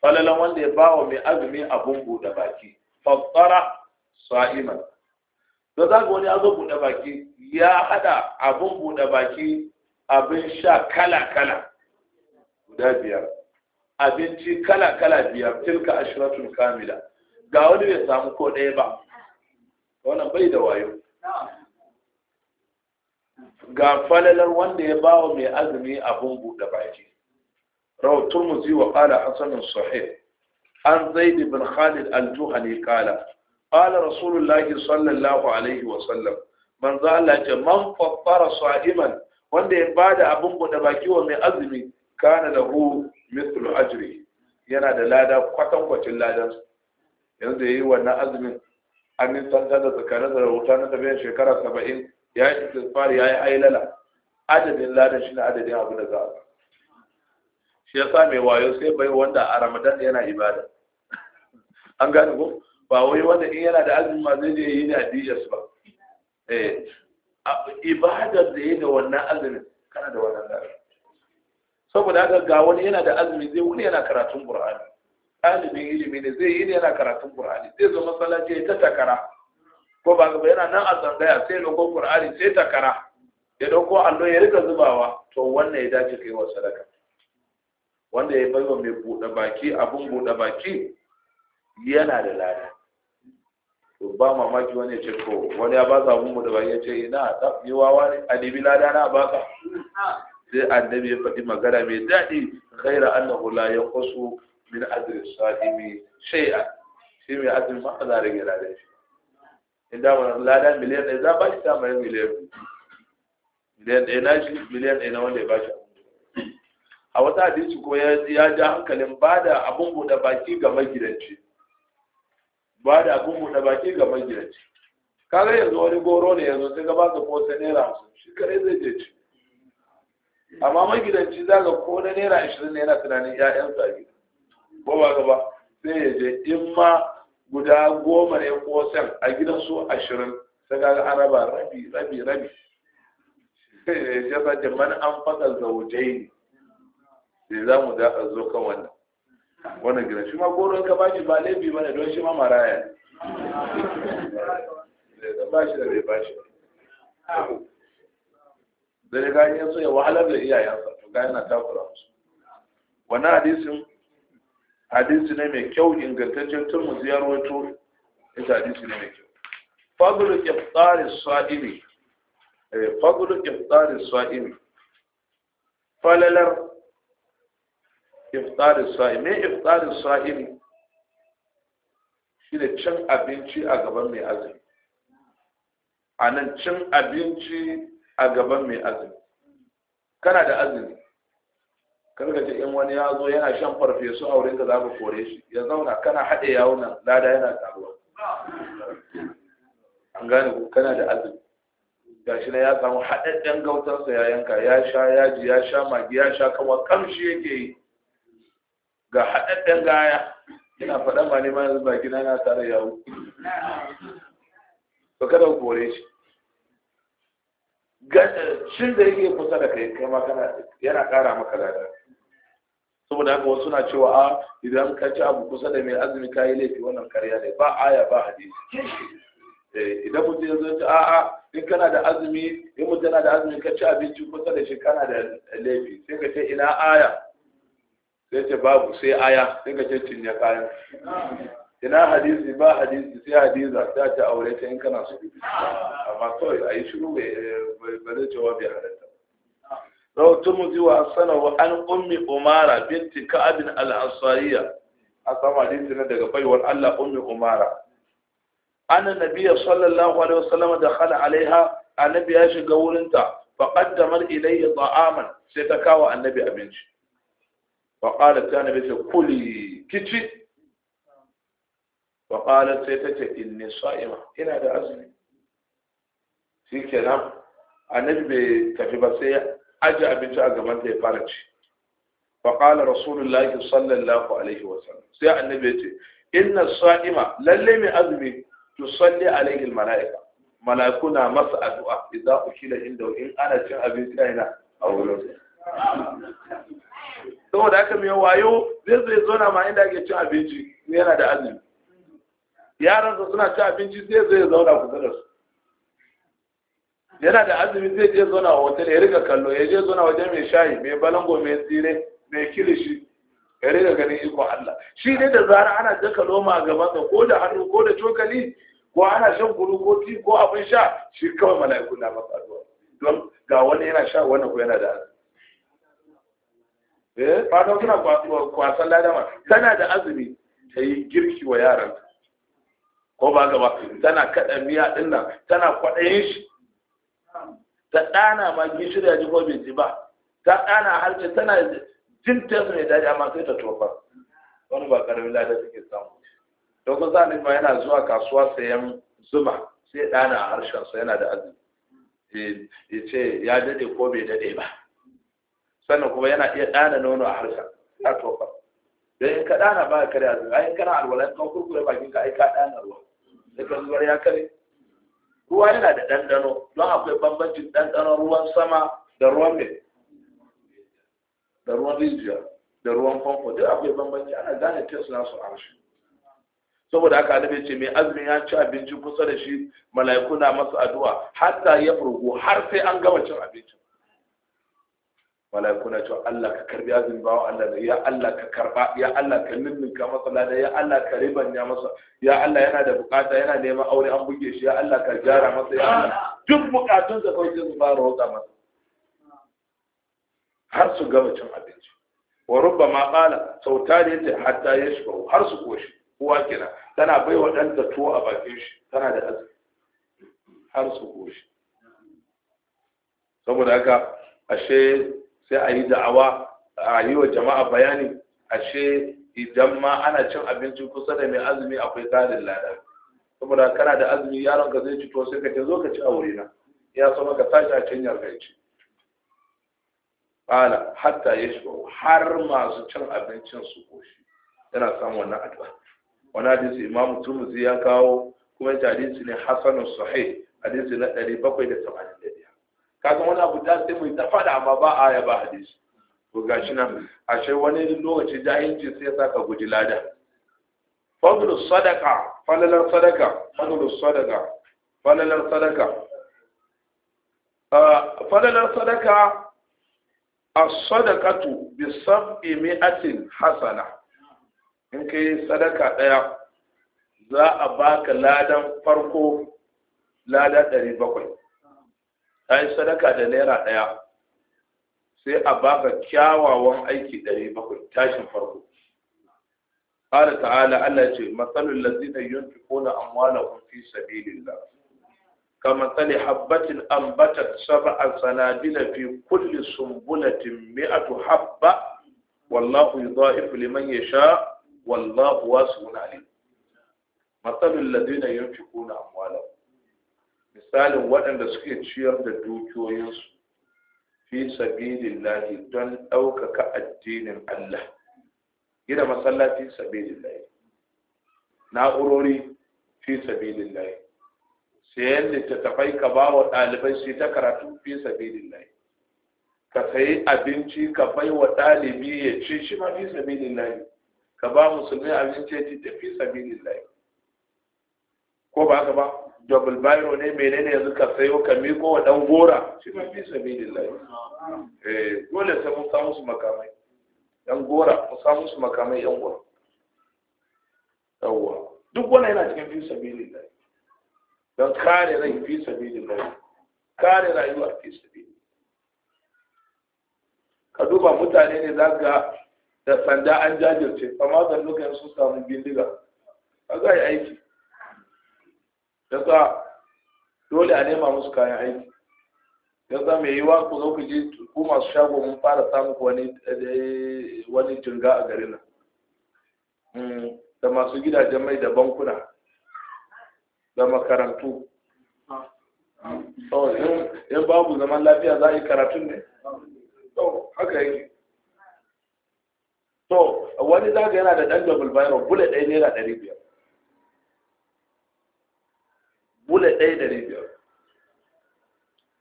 falalan wanda ya bawa mai azumi abun buɗe baki fassara sa'iman da za ga wani azon buɗe baki ya haɗa abun buɗe baki abin sha kala-kala guda biyar abinci kala-kala biyar tilka ashiratun kamila ga wani bai samu ko ɗaya ba wannan bai da wayo ga falalar wanda ya bawa mai azumi abun buɗe baki روى الترمذي وقال حسن صحيح عن زيد بن خالد الجهني قال قال رسول الله صلى الله عليه وسلم من ذا من فطر صائما wanda ya bada abin buɗe baki wa mai azumi kana da hu mithlu ajri yana da lada kwatan kwacin ladan yanzu yayi wannan azumin an yi santa da tsakanin da rahoto na tafiyan shekara saba'in ya yi istifari ya yi ailala adadin ladan shi ne adadin abu da za a shi ya sa mai wayo sai bai wanda a ramadan yana ibada (laughs) an gane ko ba wai wanda in yana da azumi ma zai je yi da dijas ba eh ibadar da yi da wannan azumin kana da wannan dare saboda haka ga wani yana da azumi zai wuni yana karatun qur'ani ɗalibin ilimi ne zai yi yana karatun qur'ani zai zo masallaci ta takara ko ba ga yana nan a tsangaya sai ya dauko qur'ani sai takara ya dauko allo ya rika zubawa to wannan ya dace kai wa sadaka wanda ya baiwa mai buɗe baki abin buɗe baki yana da lada to ba mamaki wani ya ce ko wani ya za mu buɗe baki ya ce ina ta yi wawa ne a nemi lada na baka sai annabi ya faɗi magana mai daɗi ghaira hula ya kwaso min ajri sa'imi shai'a. shi mai azirin ma za rage da shi in da wani lada miliyan ɗaya za ba shi ta mai miliyan miliyan ɗaya na shi miliyan ɗaya na wanda ya ba shi a wata hadisi ko ya ja hankalin ba da abin buɗe baki ga magidanci ba da abin buɗe baki ga magidanci kaga yanzu wani goro ne yanzu sai gaba ga kosa naira hamsin shi kare zai je ci amma magidanci za ka ko na naira ashirin ne yana tunanin ‘ya'yansa a ko ba gaba sai ya je in ma guda goma ne ko a gidan su ashirin sai kaga an raba rabi rabi rabi sai ya ce man an faɗa zaujai ne sai za mu zo kan wannan wannan gina shi ma goron ka bashi ba laifi ba ne don shi ma maraya ne da bashi da bai bashi da ya gani yanzu ya wahalar da iyayensa to gani na takura musu wannan hadisin hadisi ne mai kyau ingantaccen tun mu ziyarwar ita hadisi ne mai kyau fadlu iftari sa'imi eh, fadlu iftari sa'imi falalar iftarin sa'im me iftarin sa'im shi ne cin abinci a gaban mai azumi a nan cin abinci a gaban mai azumi kana da azumi karka ce in wani ya zo yana shan farfesu a wurin da za ka kore shi ya zauna kana haɗe yawunan lada yana taruwa an gane ku kana da azumi gashi na ya samu haɗaɗɗen gautarsa ya yanka ya sha yaji ya sha magi ya sha kama kamshi yake yi ga haɗaɗɗen gaya ina faɗa ma ne ma yanzu baki na na tare yawo ba kada ku kore shi shin da yake kusa da kai kai ma kana yana ƙara maka lada saboda haka wasu na cewa a ah, idan ka ci abu kusa da mai azumi ka yi laifi wannan karya ne ba aya ba hadisi eh, idan mutum ya zo ci a'a in kana da azumi in mutum yana da azumi ka ci abinci kusa da shi kana da laifi sai ka ce ina aya sai ce babu sai aya sai ka ce cinye kayan ina hadisi ba hadisi sai hadiza ta ta aure ta in kana amma kawai a yi shiru ba zai cewa bai halatta rawu mu ji asana wa an ummi umara binti ka'abin al-ansariya a sama hadisi na daga baiwar Allah ummi umara أن النبي da الله عليه وسلم دخل shiga wurinta, يشق ورنتا فقدم sai ta kawo annabi abinci. faƙalar ta nabi ce kuli kici faƙalar sai ta ce in ne sa'ima ina da azumi shi kenan annabi bai tafi ba sai ya aji abinci a gaban ta ya fara ci faƙalar rasulullahi sallallahu alaihi wasallam sai annabi ya ce inna sa'ima lalle mai azumi tusalli alaihi mala'ika mala'iku na masa addu'a idan ukila inda in ana cin abinci a yana a wurin saboda haka mai wayo zai zai zauna ma inda ake cin abinci yana da azumi yaransa suna cin abinci zai zai zauna kusa da su yana da azumi zai je zauna a hotel ya rika kallo ya je zauna waje mai shayi mai balango mai tsire mai kilishi ya rika ganin iko Allah shi ne da zara ana daka loma gaba gabansa ko da hannu ko da cokali ko ana shan kuru ko ti ko abin sha shi kawai mala'iku na masa don ga wani yana sha wani ko yana da azumi eh fata suna kwasan ladama tana da azumi ta yi girki wa yaran ko ba gaba tana kaɗa miya ɗin nan tana kwaɗayin shi ta ɗana ma gishiri ya ji ko bai ji ba ta ɗana harshe tana jin tesu ne daji amma sai ta tofa wani ba ƙaramin lada suke samu to kun sa ma yana zuwa kasuwa sayan zuma sai ɗana a sa yana da azumi eh, ya ce ya daɗe ko bai daɗe ba sannan kuma yana iya ɗana nono a harshen ya tofa don in ka ɗana ba ka da zuwa, ai kana alwala ka kurkure bakin ka ai ka ɗana ruwa sai ka zubar ya kare ruwa yana da ɗanɗano don akwai bambancin ɗanɗano ruwan sama da ruwan mai da ruwan rijiya da ruwan famfo duk akwai bambanci ana gane tes nasu su harshe saboda haka annabi ce mai azumin ya ci abinci kusa da shi mala'iku na masa addu'a hatta ya furgu har sai an gama cin abinci malaikuna cewa Allah ka karbi azumin bawan Allah da ya Allah ka karba ya Allah ka ninninka masa lada ya Allah ka ya masa ya Allah yana da bukata yana neman aure an buge shi ya Allah ka jara masa ya Allah duk bukatun sa kawai su fara roƙa masa har su gama cin abinci wa rubbama qala sautari ta hatta shiga har su koshi kowa kina tana baiwa ɗanta tuwo a bakin shi tana da azumi har su koshi saboda haka ashe sai a yi da'awa a yi wa jama'a bayani ashe idan ma ana cin abinci kusa da mai azumi akwai tsarin lada saboda kana da azumi yaron ka zai ci to sai ka ce zo ka ci a wurina ya so maka tashi a cinyar ka ci ala hatta shigo har masu cin abincin su koshi yana samun wannan addu'a Wani hadisi imamu turmuzi ya kawo kuma hadisi ne hasanu sahih hadisi na ɗari bakwai da 781 kaga wani abu da sai mai ta amma ba aya ba hadisi to gashi nan ashe wani lokaci jahilci sai ya saka guji lada fadlu sadaka falalar sadaka fadlu sadaka falalar sadaka ah, falalar sadaka as-sadaqatu bi sab'i mi'atin hasana in kai sadaka daya za a baka ladan farko lada 700 ta yi sadaka da naira ɗaya sai a baka kyawawan aiki ɗari bakwai tashin farko ƙara ta'ala Allah ce matsalin lazina yin tuko na amwala kunfi sabi lilla ka matsali habbatin ambata saba a sanadina fi kulli sumbulatin mi'atu habba wallahu yi zuwa ifu liman ya sha wallahu wasu wunani matsalin lazina yin tuko na amwala kunfi misalin waɗanda suke ciyar da dukiyoyinsu fi lahi don ɗaukaka addinin Allah gina masallaci lahi na'urori fi lahi sayan littattafai ka ba wa ɗalibai sai ta karatu fi lahi ka sayi abinci ka bai wa ɗalibi ya ci shi ma fi lahi ka ba musulmi abinci ya ci ta fi lahi ko ba haka ba jobul biro ne menene yanzu ka sayo ka miko wa dan gora shi ma fi sabilillahi eh dole sai mun samu su makamai dan gora mun samu su makamai yan gora yawa duk wani yana cikin fi sabilillahi don kare rai fi sabilillahi kare rayuwa fi sabilillahi ka duba mutane ne za ga da sanda an jajirce amma lokacin sun samu bindiga a ga aiki daga dole a nema musu kayan aiki yasa mai yiwa ku zo ku ji ku masu shago mun fara samun wani eh, wani jirga a garin nan mm, da masu gidajen mai da bankuna da makarantu ah. in babu zaman lafiya za a yi karatun ne haka yake to wani zaga yana da ɗan double viral bullet ɗaya naira ɗari biyar wula ɗaya da biyar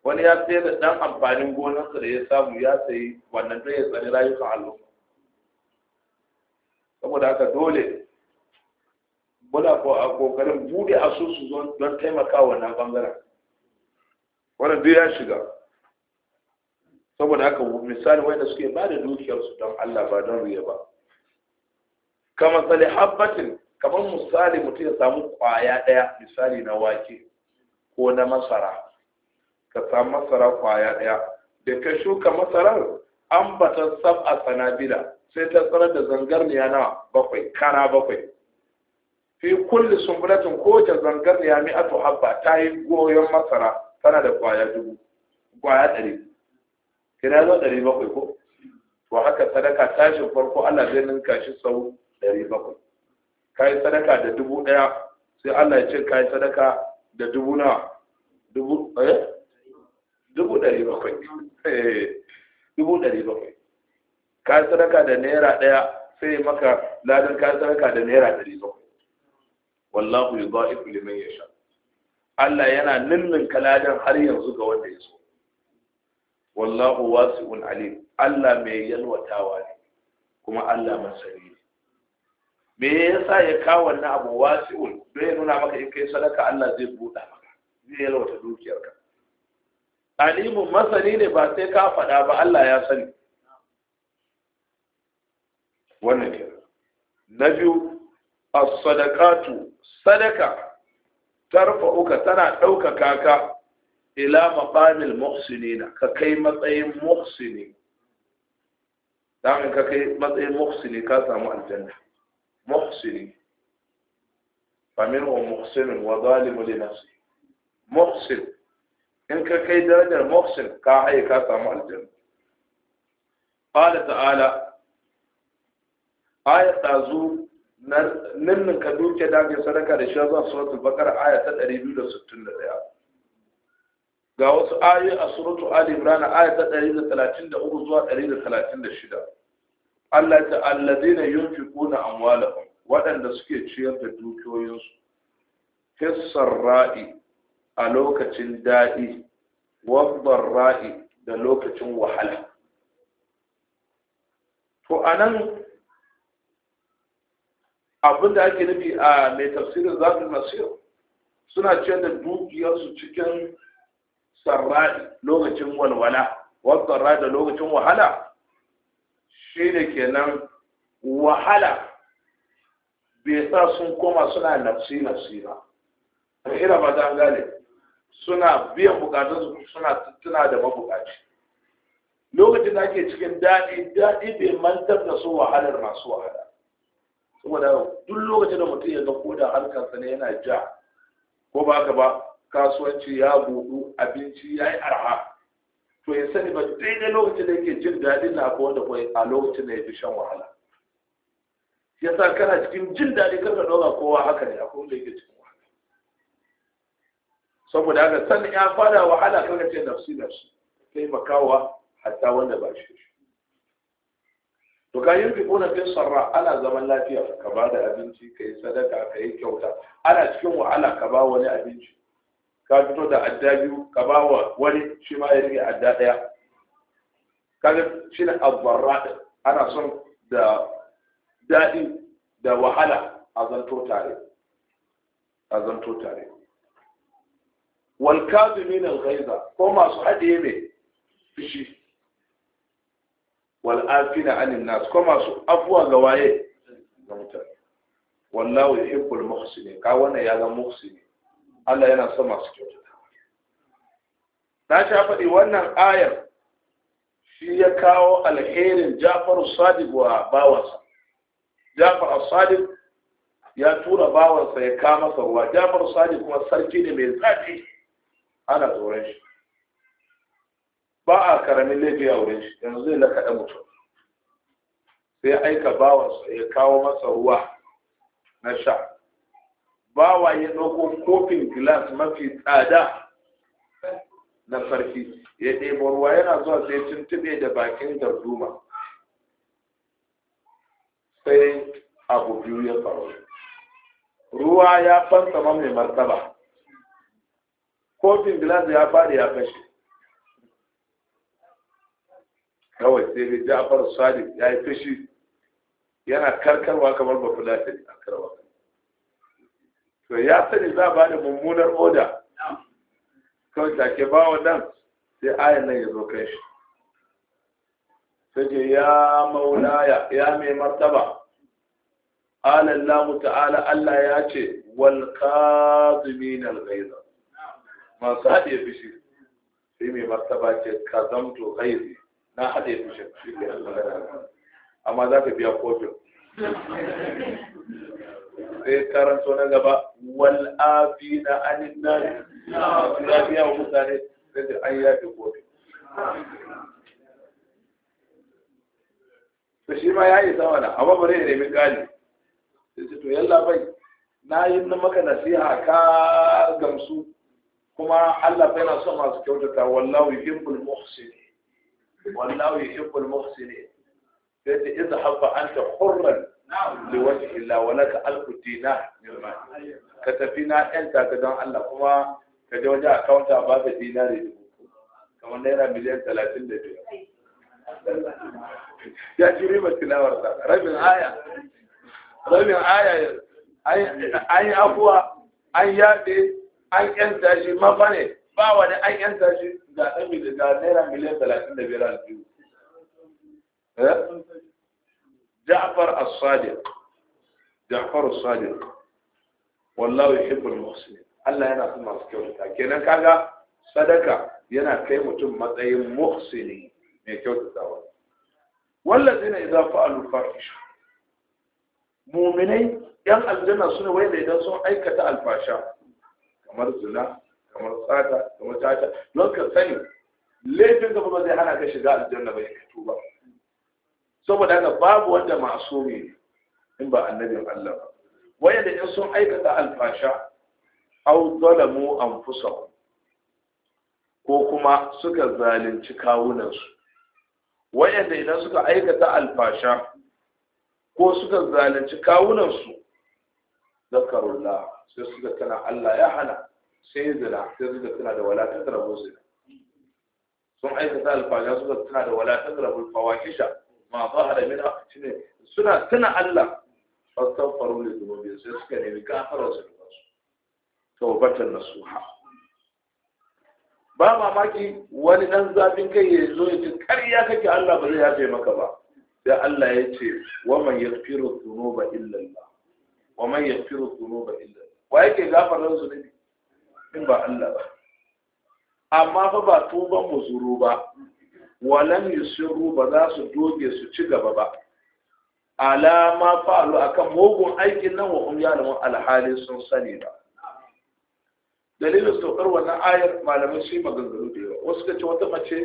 wani ya sayar da ɗan amfanin gonarsa da ya samu ya sayi wannan ɗaya ya tsari rayukan al'umma saboda haka dole muna ko a ƙoƙarin buɗe asusu don taimaka wannan ɓangaren Wani duk ya shiga saboda haka misali wanda suke ba da dukiyarsu don Allah ba don riya ba kama tsali habbatin kamar misali mutum ya samu kwaya daya misali na wake ko na masara ka samu masara kwaya daya da ka shuka masarar an bata sab a sanabila sai ta tsarar da zangarniya na bakwai kana bakwai fi kulli sumbulatin kowace zangarniya mi ato habba ta yi goyon masara tana da kwaya dubu kwaya ɗari kina zo ɗari bakwai ko to haka sadaka tashin farko allah zai ninka shi sau ɗari bakwai ka yi sadaka da dubu ɗaya sai Allah ya ce ka yi sadaka da dubu na dubu eh dubu ɗari bakwai eh, dubu ɗari bakwai ka yi sadaka da naira ɗaya sai ya maka ladan ka yi sadaka da naira ɗari bakwai wallahu yi ba iku liman ya sha Allah yana ninnin ladan har yanzu ga wanda ya so wallahu wasi'un alim Allah mai yalwatawa ne kuma Allah masani ne me yasa ya kawo wannan abu wasiul don ya nuna maka in kai sadaka Allah zai buɗa maka zai yalwata dukiyarka alimu masani ne ba sai ka faɗa ba Allah ya sani wannan ke na biyu a sadakatu sadaka uka tana ɗaukaka ka ila maqamil muhsinina ka kai matsayin muhsini dan ka kai matsayin muhsini ka samu aljanna muhsini wa muhsin wa zalimu li nafsi muhsin in ka kai darajar muhsin ka haye ka samu aljanna qala ta'ala ayat dazu nan ka duke dage sadaka da shi zuwa suratul baqara aya ta biyu da da sittin 261 ga wasu ayoyi a suratul ali imran aya ta da da talatin uku zuwa da da talatin shida. Allah ta alladina yunfiquna amwalahum waɗanda suke ciyar da dukiyoyinsu hissar ra'i a lokacin daɗi wafdar ra'i da lokacin wahala to anan abin da ake nufi a mai tafsirin zafin nasir suna ciyar da dukiyarsu cikin sarra lokacin walwala wafdar ra'i da lokacin wahala shi da kenan wahala bai sa sun koma suna nafsi nafsi ba a ira ba ta gane suna biyan bukatun suna tuna da mabukaci lokacin da ake cikin daɗi daɗi bai mantar da su wahalar masu wahala saboda duk lokacin da mutum ya ga ko da harkarsa ne yana ja ko ba ka ba kasuwanci ya buɗu abinci ya yi arha to ya sani ba daidai lokacin da yake jin daɗin na akwai wanda kawai a lokacin da ya fi shan wahala ya sa kana cikin jin daɗi kar ka ɗora kowa haka ne akwai wanda yake cikin wahala saboda haka san ya fada wahala kar ka ce nafsi nafsi taimakawa hatta wanda ba shi to ka yi rufe na fi sarra ana zaman lafiya ka ba da abinci ka yi sadaka ka yi kyauta ana cikin wahala ka ba wani abinci ka fito da adda biyu ka ba wa wani shi ma ya rike adda ɗaya kaga shi ne abarra ana son da daɗi da wahala a zanto tare a zanto tare wal kazimin al ghaiza ko masu hadiye ne fishi wal afina anin nasu, ko masu afwa ga waye ga mutane wallahu yuhibbul muhsinin ka wannan ya ga muhsini Allah yana son masu kyautata na sha faɗi wannan ayar shi ya kawo alherin Jafar Sadiq wa bawansa Jafar Sadiq ya tura bawansa ya kama masa ruwa Jafar Sadiq kuma sarki ne mai zafi ana tsoron shi ba a karamin laifi a wurin shi yanzu zai lakaɗa mutum sai aika bawansa ya kawo masa ruwa na sha bawa ya ɗauko kofin glass mafi tsada na farki ya ɗebo ruwa yana zuwa sai tube da bakin darduma sai abu biyu ya faru ruwa ya ma mai martaba kofin glass ya fara ya kashe. kawai sai da jafar sadiq ya yi fashi yana karkarwa kamar ba fulatin a karwa to ya sani za ba da mummunar oda kawai take ba wa wannan sai ayan nan ya zo kai shi sai ya maulaya ya mai martaba alallahu ta'ala Allah ya ce wal qadimin al ghaiz masu ya fushi sai mai martaba ce ka zamto ghaizi na haɗe fushi shi ke amma za ka biya kofin sai karanto na gaba wal na anin nan lafiya biya wa mutane sai da an yafe gobe to shi ma ya yi zamana amma bari ya nemi gani sai ce to yalla bai na yi na maka nasiha ka gamsu kuma Allah bai na son masu kyautata wallahu yuhibbul muhsini wallahu himbul muhsini sai ta izhab anta hurran da wasu illa ka alkuti na nirma ka tafi na yan ka don Allah kuma ka je wajen akaunta ba ka dinari dubu kamar naira miliyan talatin da biyu. ya ci riba tilawar rabin aya rabin aya an yi afuwa an yaɗe an yanta shi mafa ne ba wani an yanta shi da ɗan da naira miliyan talatin da biyar aljihu eh? ja'far as-sadiq ja'far as-sadiq Allah yana son masu kyautata kenan kaga sadaka yana kai mutum matsayin muhsini mai kyautatawa wallazina idza fa'alu fahisha mu'minai yan aljanna suna wanda idan sun aikata alfasha kamar zina kamar tsata kamar tata don ka sani laifin da zai hana ka shiga aljanna ba ka tuba saboda haka babu wanda masumi in ba annabin Allah ba wayanda in sun aikata alfasha aw zalamu anfusahum ko kuma suka zalunci kawunansu wayanda idan suka aikata alfasha ko suka zalunci kawunansu zakarullah sai suka tana Allah ya hana sai zina sai suka tana da wala ta zina sun aikata alfasha suka tana da wala ta zina fawahisha ma ba da shi ne suna tuna Allah faru li zunubi sai suka nemi gafara su da su tawbatan nasuha ba mamaki wani dan zafin kai ya zo ya ce karya kake Allah ba zai yafe maka ba sai Allah ya ce wa man yaghfiru dhunuba illa Allah wa man yaghfiru dhunuba illa Allah wa yake gafara su in ba Allah ba amma fa ba tuban muzuru ba walam yusiru ba za su doge su ci gaba ba alama fa'alu akan mugun aikin nan wa umyalun alhali sun sani ba dalilin saukar wannan ayar malamin shi maganganu da yawa wasu kace wata mace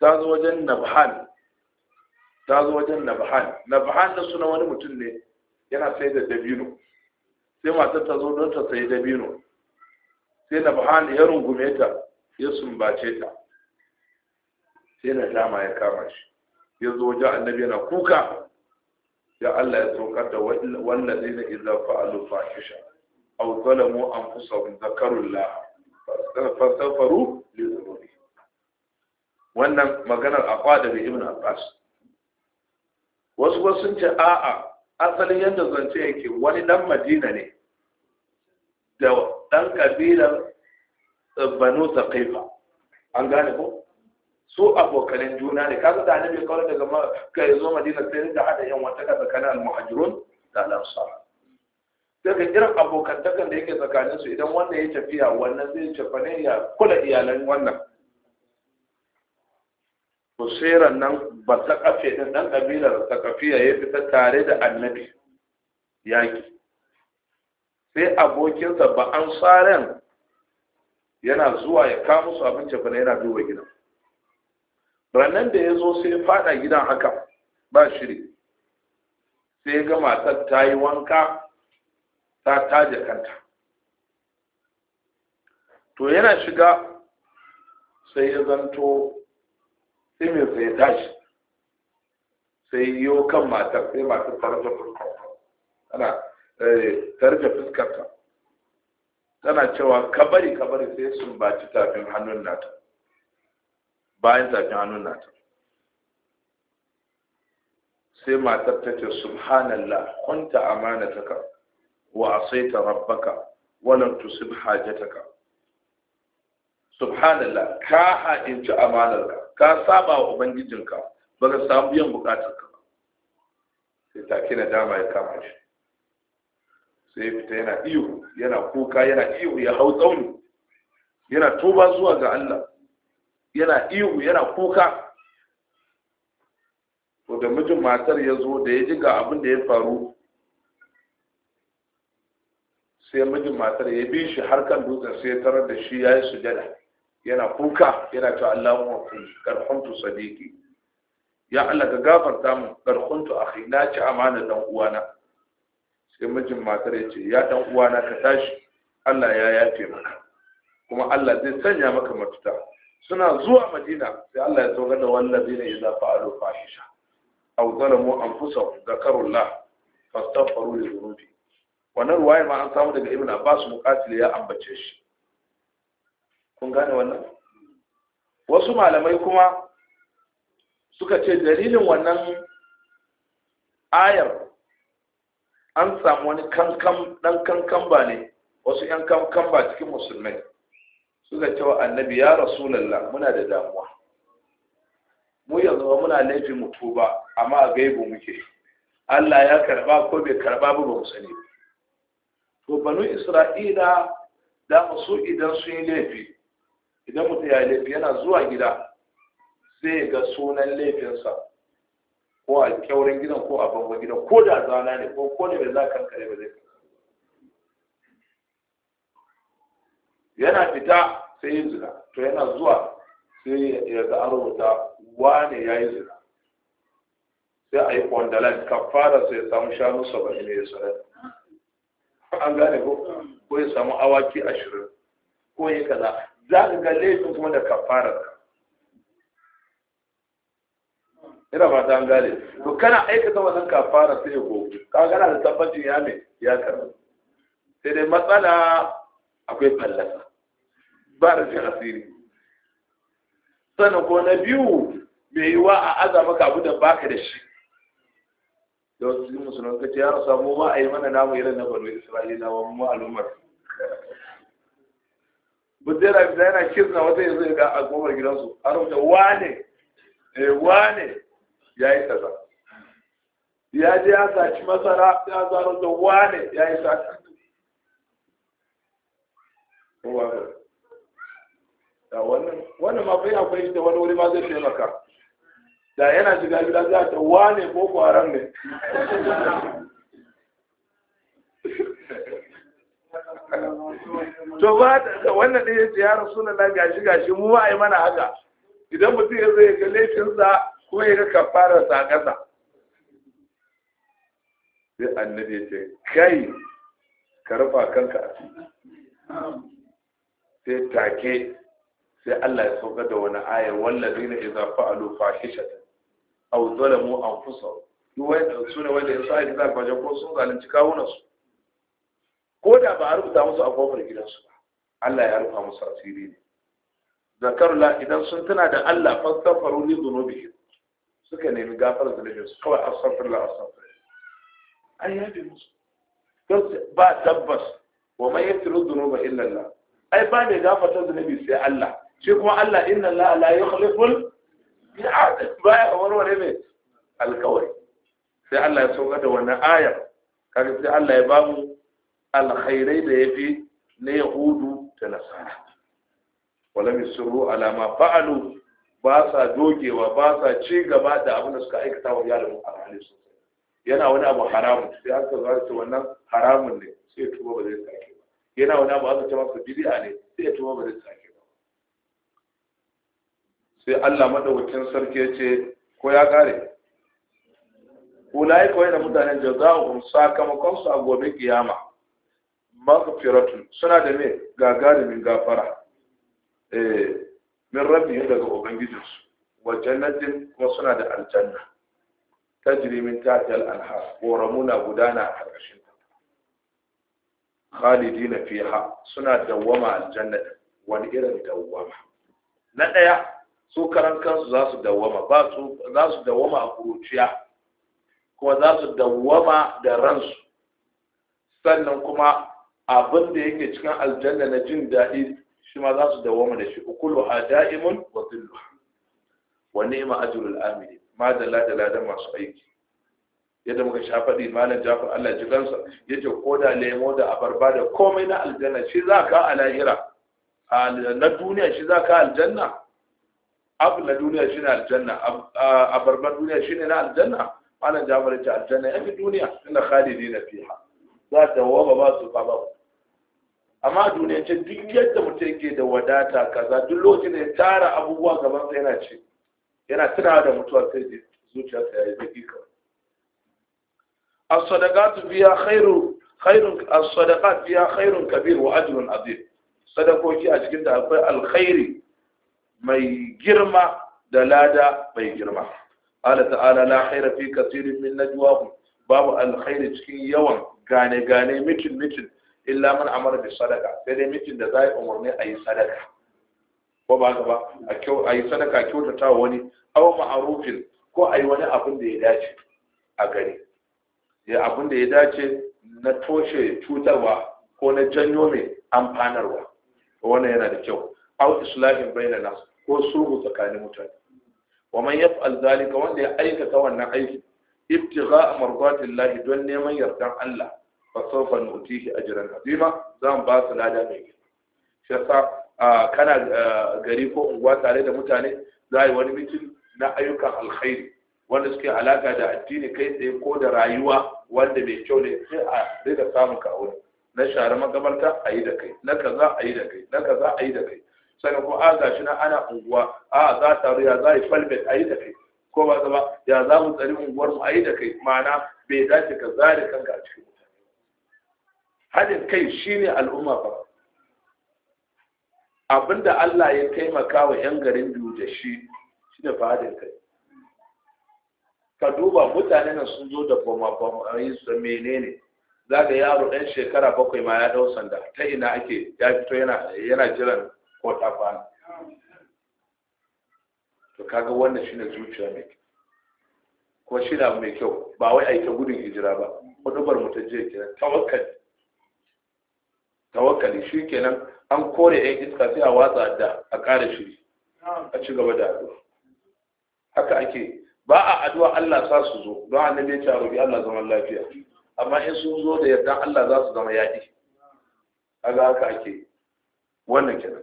ta zo wajen nabhan ta zo wajen nabhan nabhan da suna wani mutum ne yana sai da dabino sai matar ta zo don ta sayi dabino sai nabhan ya rungume ta ya sumbace ta sai na dama ya kama shi ya zo wajen annabi yana kuka ya Allah ya saukar da wannan wallazina idza fa'alu fahisha aw zalamu anfusahum zakarullah fastaghfaru li dhunubi wannan maganar aqwada bi ibn abbas wasu wasu sun ce a'a asalin yadda zance yake wani dan madina ne da dan kabilar banu taqifa an gane ko su abokanin juna ne kaga da annabi kawai daga ka zo madina sai da hada yan wata ka tsakanin almuhajirun da ansar daga irin abokantakan da yake tsakanin su idan wanda ya tafiya wannan zai tafa ne ya kula iyalan wannan kusiran nan ba ta kafe din dan kabilar ta kafiya ya fita tare da annabi yaki sai abokinsa ba ansaran yana zuwa ya kawo musu abin fa yana duba gidan ranar da ya zo sai faɗa fada gidan haka ba shiri sai ga matar ta yi wanka ta taje kanta to yana shiga sai ya zanto imir sai tashi sai yiwo kan matar sai matar tarje fuskarta tana eh, tarje fuskarta tana cewa kabari kabari sai sun baci tafin hannun nata bayan zafin hannun nata sai matar ta ce subhanallah kunta amanataka wa asaita rabbaka wa tusib hajataka subhanallah ka haɗinci amanarka ka saba wa ubangijinka ba ka samu biyan bukatarka ba sai take na dama ya kama shi sai fita yana iyo yana kuka yana iyo ya hau tsauni yana tuba zuwa ga Allah yana ihu yana kuka to da mijin matar ya zo da ya ji ga abin da ya faru sai mijin matar ya bi shi har kan dutsen sai ya tarar da shi ya yi sujada yana kuka yana ta Allahumma karhuntu sadiki ya Allah ka gafarta mu karhuntu akhi na ci amana dan uwana sai mijin matar ya ce ya dan uwana ka tashi Allah ya yafe maka kuma Allah zai sanya maka mafita suna zuwa madina sai Allah ya tsoga da wallazi ne idza fa'alu fahisha aw zalamu anfusahum zakarullah fastaghfiru li dhunubi wannan ruwaya ma an samu daga ibn abbas muqatil ya ambace shi kun gane wannan wasu malamai kuma suka ce dalilin wannan ayar an samu wani kankan dan kankan ba ne wasu yan kankan ba cikin musulmai suka ce wa annabi ya rasulallah muna da damuwa mu yanzu ba muna laifin mutu ba amma a gaibu muke Allah ya karba ko bai karba ba ba mu sani to banu isra'ila da su idan sun yi laifi idan mutum ya laifi yana zuwa gida zai ga sunan laifinsa ko a kyaurin gidan ko a bangon gidan ko da zana ne ko ko ne bai za kankare ba zai yana fita sai yin zina to yana zuwa sai ya ga an wane ya yi zina sai a yi kwandalan kafara sai ya samu shanu saba'in ya sanar an gane ko ko ya samu awaki ashirin ko ya kaza za ka ga laifin kuma da kafarar ina ba ta gane to kana aikata wannan kafara sai ko ka gana da tabbacin ya ne ya karbi sai dai matsala akwai fallasa ba rashin asiri sannan ko na biyu mai yiwa a aza maka abu da baka da shi da wasu cikin musulman ka ya rasa mu ma a yi mana namu irin na banu isra'ila wa mu al'ummar budera da yana kirna wata yanzu ga al'ummar gidansu an rubuta wane eh wane ya yi kaza ya je ya saci masara ya zaro da wane ya yi sata wannan ma bai akwai da wani wuri ma zai taimaka da yana shiga gida za ta wane ko kwaran ne (laughs) to ba wannan ɗaya ce ya rasu na gashi gashi mu ma mana haka idan mutum ya zai ga laifinsa kuma ya ga kafara sa ƙasa sai annabi ya ce kai ka rufa kanka a ciki sai take sai Allah ya sauka da wani aya wallazina idza fa'alu fahishatan aw zalamu anfusahum duk wanda su ne wanda in sai da fajan ko sun zalunci kawuna su ko da ba a rubuta musu a kofar gidansu ba Allah ya rufa musu asiri ne zakaru la idan sun tuna da Allah fastaghfaru li dhunubihim suka nemi gafar zunubin su kawai astaghfirullah astaghfirullah ai ya bi musu ba tabbas wa man yaghfiru dhunuba illa Allah ai ba ne gafarta zunubi sai Allah shi kuma Allah inna Allah la yukhliful mi'ad baya warware ne alkawari sai Allah ya sauka da wannan aya kaga sai Allah ya bamu alkhairai da yafi na yahudu da nasara wala misru ala ma fa'alu ba sa dogewa ba sa ci gaba da abin da suka aikata wa yalamu alhali su yana wani abu haramun sai aka zo ta wannan haramun ne sai tuba ba zai sake yana wani abu aka ce masa bid'a ne sai tuba ba zai sake sai Allah madaukakin sarki ya ce ko ya kare ulai kawai da mutanen jaza'uhum sakamakon su a gobe kiyama maghfiratun suna da me gagarumin gafara eh min rabbihim daga su wa jannatin kuma suna da aljanna tajri min tahtiha anhar wa gudana a karkashin khalidina fiha suna dawama aljanna wani irin dawwama na daya su karan kansu za su dawwama ba su za su dawwama a kuruciya kuma za su dawwama da ransu sannan kuma abin da yake cikin aljanna na jin daɗi shi ma za su dawwama da shi ukulu a da'imun wa zillu wa ni'ma ajrul amili ma da ladala da masu aiki yadda muka sha faɗi malam jafar Allah ji kansa yace ko da lemo da abarba da komai na aljanna shi za ka a lahira na duniya shi za ka aljanna abin na duniya shine aljanna a barbar duniya shine na aljanna malam jamar ta aljanna ya fi duniya inda khalidi na fiha za ta waba ba su ba amma duniya ce duk yadda mutum yake da wadata kaza duk lokacin da ya tara abubuwa gaban sa yana ce yana tunawa da mutuwa sai zuciyarsa ya yi baki kika. as-sadaqatu biya khairu khairun as-sadaqat biya khairun kabir wa ajrun azim sadakoki a cikin da akwai alkhairi mai girma da lada mai girma Allah ta'ala la khaira fi kaseerin min najwahum babu alkhairi cikin yawan gane gane mitin mitin illa man amara bi sadaka sai dai mitin da zai umarni a yi sadaka ko ba ka ba a yi sadaka kyautata wani aw ma'arufin ko a yi wani abin da ya dace a gari ya abin da ya dace na toshe cutarwa ko na janyo mai amfanarwa wannan yana da kyau aw islahin bainan nas ko sulhu tsakanin mutane wa man yaf'al zalika wanda ya aikata wannan aiki ibtigha'a mardatillahi don neman yardan Allah fa sawfa nu'tihi ajran azima zan ba su lada mai girma shi kana gari ko unguwa tare da mutane za a yi wani mitin na ayyukan alkhairi wanda suke alaka da addini kai tsaye ko da rayuwa wanda mai kyau ne sai a rika samun ka na share magabarta a yi da kai na kaza a yi da kai na kaza a yi da kai sai ko a gashi na ana unguwa a za ta taru ya za yi falmet a yi da kai ko ba zama ya za mu tsari unguwar mu a yi da kai ma'ana bai dace ka zare kanka a cikin mutane hadin kai shine al'umma ba abinda Allah ya taimaka wa 'yan garin biyu da shi shine fadin kai ka duba mutane nan sun zo da bama-bama su menene zaka yaro ɗan shekara bakwai ma ya ɗau sanda ta ina ake ya fito yana jiran ko ta kwana to kaga wannan shine zuciya mai kyau ko shida mai kyau ba wai a gudun hijira ba hudubar mu ta je kenan tawakkali tawakkali shi kenan an kore yan iska sai a watsa da a ƙara shiri a ci gaba da addu'a haka ake ba a addu'a Allah sa su zo don annabi ya ce roki Allah zaman lafiya amma in sun zo da yadda Allah za su zama yaƙi kaga haka ake wannan kenan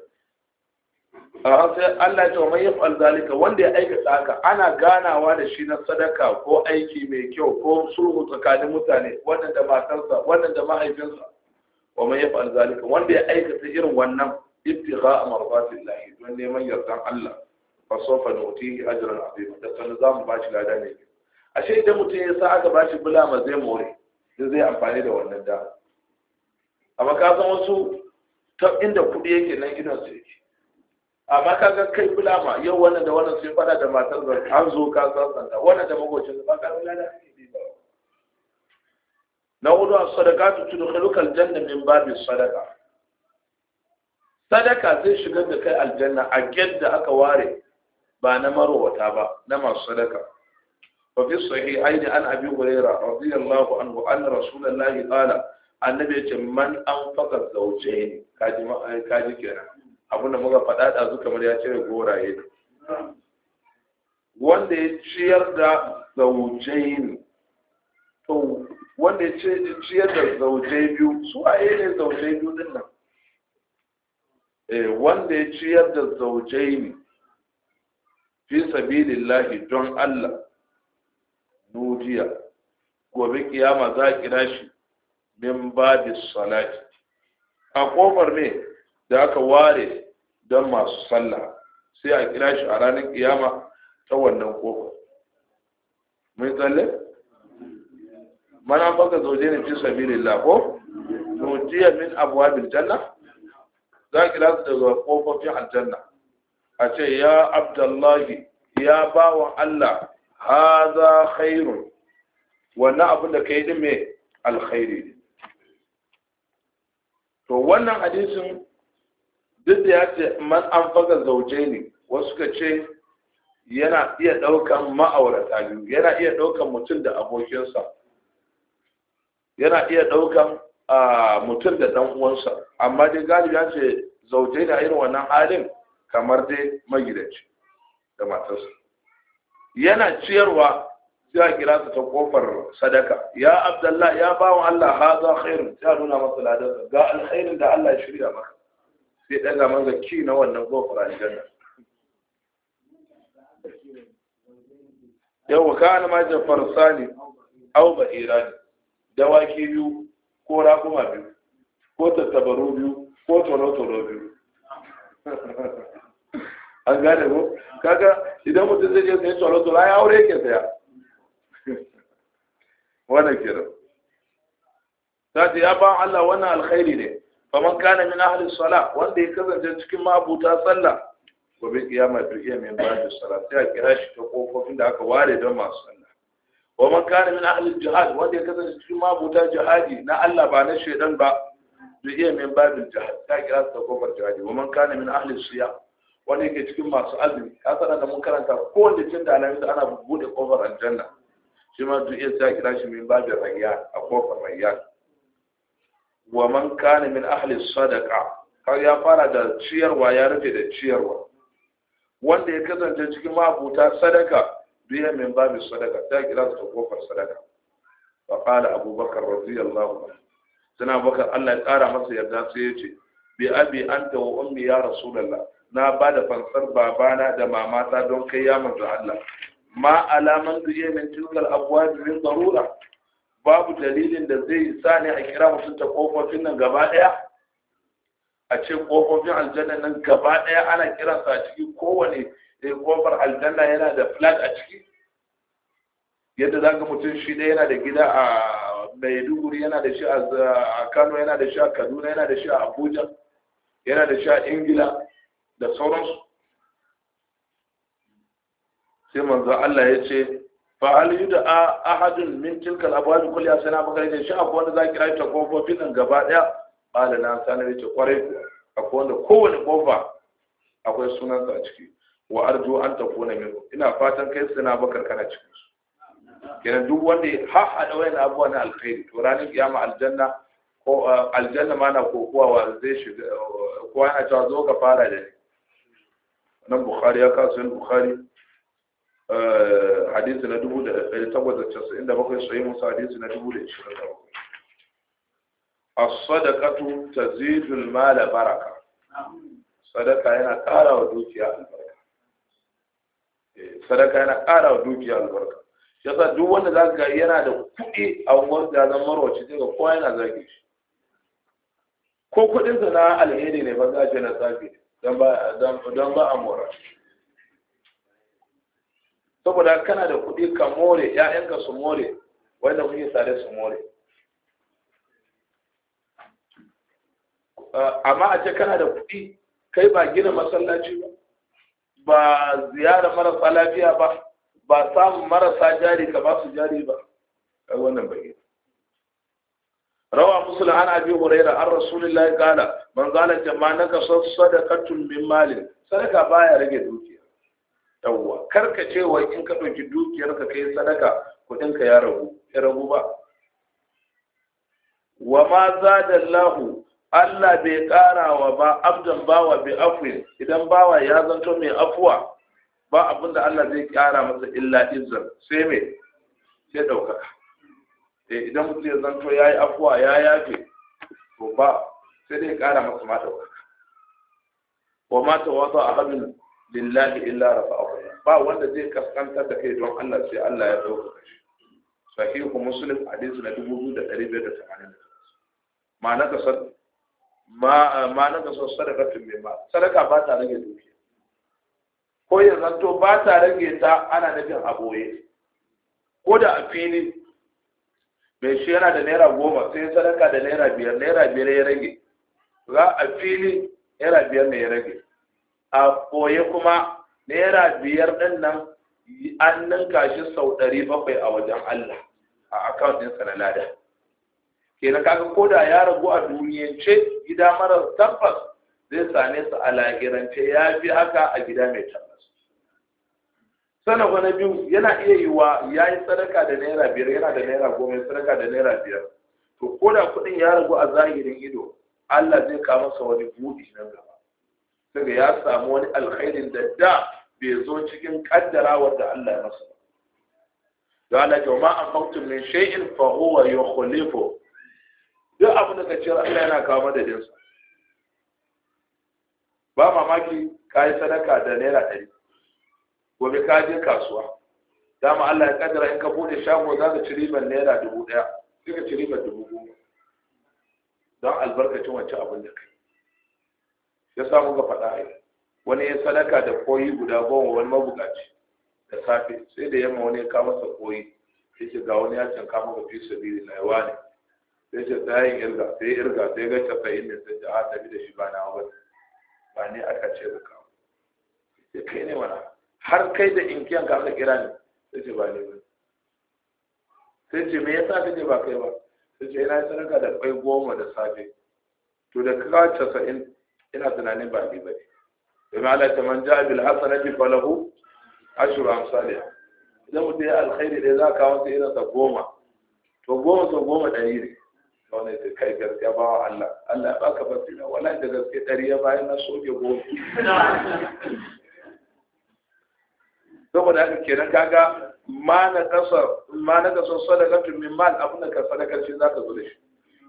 a sai Allah ya ce mai yaf'al zalika wanda ya aikata haka ana ganawa da shi na sadaka ko aiki mai kyau ko sulhu tsakanin mutane wannan da matarsa wannan da mahaifinsa wa mai yaf'al zalika wanda ya aikata irin wannan ibtigha marbatillahi don neman yardan Allah fa sawfa nutihi ajran azim da sanin za mu bashi lada ne ashe idan mutum ya sa aka bashi bulama zai more sai zai amfani da wannan da amma ka san wasu ta inda kudi yake nan gidan su yake amma ka ga kai bulama yau wannan da wannan sai fada da matar da an zo ka san sanda wannan da magocin ba ka wala da na hudu a tudu tudkhiluka janna min babi sadaka sadaka zai shigar da kai aljanna a gidda aka ware ba na marowata ba na masu sadaka fa fi sahihaini an abi hurairah radiyallahu anhu anna rasulullahi qala annabi ya ce man anfaqa zawjayn kaji kaji kenan abinda muka faɗa da su kamar ya cire goraye wanda ya ciyar da zaujain to wanda ya ciyar da zaujai biyu su a ne zaujai biyu din nan eh, wanda ya ciyar da zaujai ne fi sabilillahi don Allah nudiya gobe kiyama za a kira shi min da salati a kofar ne da aka ware don masu sallah sai a kira shi a ranar kiyama ta wannan kofar mun tsalle mana baka zoje ne fi sabilillah ko nujiya min abwabil janna za ki lasu daga kofofin aljanna a ce ya abdullahi ya ba wa Allah haza khairu wannan abin da ka yi dime alkhairi to wannan hadisin duk da ya ce man an faga zauje ne wasu ka ce yana iya ɗaukan ma'aurata biyu yana iya ɗaukan mutum da abokinsa yana iya ɗaukan mutum da ɗan uwansa amma dai galibi ya ce zauje na irin wannan halin kamar dai magidanci da matarsa yana ciyarwa ya kira su ta kofar sadaka ya abdallah ya bawa allah haza khairun ya nuna masa ladarsa ga alkhairin da allah shirya maka sai ɗaga manga ki na wannan a aljanna yau ka ana majin farsani au ba irani dawaki biyu ko rakuma biyu ko tattabaru biyu ko tolo-tolo biyu an gane ko kaga idan mutum zai je sai tolo-tolo ya aure ke saya wannan kira ta ce ya ba Allah wannan alkhairi ne faman kana min ahli sala, wanda ya kasance cikin mabuta sallah gobe kiyama bi iya min ba'da salat ya kira shi ta kofofin da aka ware don masu sallah wa man kana min ahli jihad wanda ya kasance cikin mabuta jihadi na Allah ba na shaidan ba bi iya min ba'da jihad sai kira shi ta kofar jihadi wa man kana min ahli siya wanda yake cikin masu azumi ka sanar da mun karanta kowanne cin da alamin da ana bude kofar aljanna shi ma duk iya ta kira shi min ba'da rayya a kofar rayya wa man kana min ahli sadaqa har ya fara da ciyarwa ya rufe da ciyarwa wanda ya kasance cikin mabuta sadaka biya min babu sadaka ta kira su kofar sadaka fa qala abubakar radiyallahu anhu sana bakar Allah ya kara masa yarda sai ya ce bi abi anta wa ummi ya rasulullah na ba da fansar babana da mamata don kai ya manzo Allah ma alaman duye min tilkal abwab min darura babu dalilin da zai sa ne a kira mutum ta kofofin nan gaba daya a ce kofofin aljanna nan gaba daya ana kiransa a ciki kowane eh, kofar aljanna yana da flat a ciki yadda za ka mutum shi ɗaya yana da gida a maiduguri yana da shi a kano yana da shi a kaduna yana da shi a abuja yana da shi a ingila da sauransu sai manzo allah ya ce fa hal yud'a ahadun min tilka al-abwab kulli asana baka da shi akwai wanda ki rayu ta kofofin nan gaba daya qala na sanar ce kwarai akwai wanda kowane kofa akwai sunan sa a ciki wa arju an takuna min ina fatan kai suna bakar kana cikin su kenan duk wanda ha hada wayan abuwa na alkhairi to ranar kiyama aljanna ko aljanna ma na kokowa wa zai shiga ko ana cewa zo ka fara da ni nan bukhari ya kasu bukhari hadisi na 1897 sai musa hadisi na 2027 as-sadaqatu tazidu al-mal baraka sadaka yana ƙara wa dukiya albarka sadaka yana ƙara wa dukiya albarka yasa duk wanda za ka yana da kuɗi a wanda zan marwaci daga kowa yana zage shi ko kuɗinsa na alheri ne ba za a je na tsafi don ba a mora saboda kana da kuɗi ka more ƴaƴanka su more wanda kuke sare su more ah, amma a ce kana da kuɗi kai ba gina masallaci ba ba ziyara marasa lafiya ba ba samun marasa jari ka ba su jari ba wannan bai روى مسلم an ابي هريره عن رسول الله قال من قال جمعنك صدقه من malin, sadaka baya rage dukiya yawwa karka cewa in ka ɗauki dukiyarka kai sadaka kuɗinka ya ragu ya ragu ba wa ma za Allahu Allah bai wa ba abdan bawa bi afwin idan bawa ya zanto mai afuwa ba abin da Allah zai ƙara masa illa izzar sai me sai ɗaukaka eh idan mutum ya zanto yayi afuwa ya yafe to ba sai dai ƙara masa ma ɗaukaka wa ma a ahadun lillahi illa rafa'ahu ba wanda zai kaskantar da kai don Allah sai Allah ya dauka shi sahihu muslim hadisi na 2580 ma na kasar ma ma na tun mai ba sadaka ba ta rage dukiya ko ya zanto ba ta rage ta ana nufin a boye ko da a fili mai shi yana da naira goma sai sadaka da naira biyar naira biyar ya rage za a fili naira biyar ne ya rage a koye kuma naira biyar ɗin nan an ninka shi sau ɗari bakwai a wajen Allah a akawun na lada kenan kaga ko da ya ragu a duniyance gida marar tabbas zai same su a lahirance ya fi haka a gida mai tabbas Sana na biyu yana iya yi wa ya yi sadaka da naira biyar yana da naira goma ya sadaka da naira biyar to ko da kuɗin ya ragu a zahirin ido Allah zai kama sa wani buɗi nan gaba daga ya samu wani alkhairin da da bai zo cikin kaddarawar wanda Allah ya masa da ana kyau ma an faktun min shay'in fa huwa yukhlifu duk abin da kace Allah yana kawo madadin sa ba mamaki kai sadaka da naira 100 gobe ka je kasuwa dama Allah ya kaddara in ka bude shago za ka ci riban naira 1000 sai ka ci riban 10,000 don albarkacin wancan abin da kai ya samu ga faɗa yi wani ya sadaka da koyi guda goma wani mabukaci da safe sai da yamma wani ya kama sa koyi Sai yace ga wani ya kama maka fi sabili na yawa ne sai ce yin irga sai irga sai ga casa'in ne sai ce a ah, tafi da shi ba na wani ba ne aka ce da kawo Ya kai ne mana, har kai da inkiyan ka aka kira ne sai ce ba ne ba sai ce me yasa kace ba kai ba sai ce ina sadaka da kwai goma da safe to da ka casa'in ina tunanin ba bi bane domin Allah ta man bil hasana hasanati falahu ashru amsalih idan mutum ya alkhairi da za ka kawo irin sa goma to goma sau goma ɗari ne wani ta kai gaskiya ba wa Allah Allah ba ka basira wala da gaske ɗari ya bayan na soke goma saboda haka kenan kaga ma na kasar ma na kasar sadakatun min mal abin da ka sadakar shi zaka zo da shi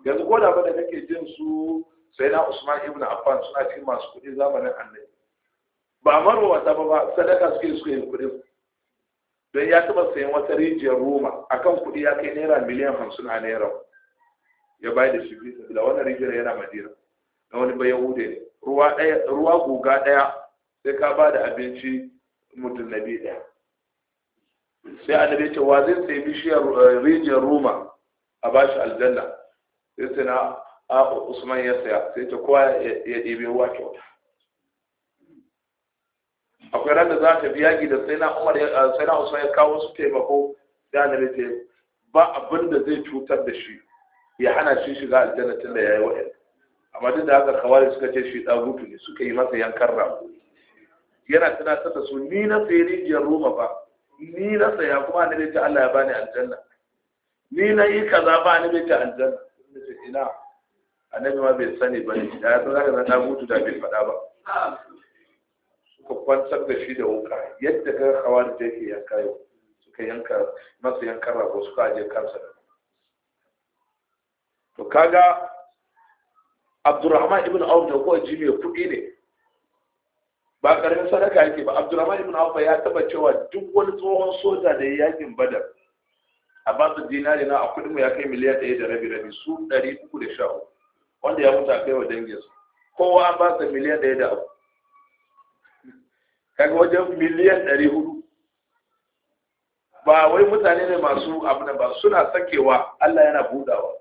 yanzu ko da ba da kake jin su sai na usman ibn affan suna cikin masu kudi zamanin annabi ba marwa wata ba sadaka suke suke yin kudin don ya taba sayan wata rijiyar roma akan kudi ya kai naira miliyan hamsin a naira ya bayar da shi biyu da wannan rijiyar yana madina na wani bai yahude ruwa ɗaya ruwa guga ɗaya sai ka ba da abinci mutum na biyu ɗaya sai annabi ce wa zai sayi bishiyar eh, rijiyar roma a bashi aljanna sai na a usman ya saya sai ta kowa ya ɗebe ruwa kyauta akwai ran da za ta biya gida sai na umar sai na usman ya kawo su taimako da na ba abin da zai cutar da shi ya hana shi shiga aljanna tun da ya yi wa'in amma duk da haka kawai suka ce shi ɗan rutu ne suka yi masa yankan ramu yana tunatar da su ni na sayi rijiyar roma ba ni na saya kuma na rike allah ya bani aljanna ni na yi kaza ba ni ta aljanna ina annabi ma bai sani ba ne da ya san zaka zanta mutu da bai faɗa ba suka kwantar da shi da wuka yadda ka hawa da yake yanka yau suka yanka masa yankan rago suka ajiye kansa to kaga abdurrahman ibn auf da ko ji mai kuɗi ne ba karamin sadaka yake ba abdurrahman ibn auf ya taba cewa duk wani tsohon soja da yakin badar a basu dinari na a mu ya kai miliyan ɗaya da rabi rabi su ɗari uku da wanda ya mutu a kai wa danginsu kowa an ba sa miliyan ɗaya da abu kaga wajen miliyan ɗari hudu ba wai mutane ne masu abu ba suna sakewa Allah yana budawa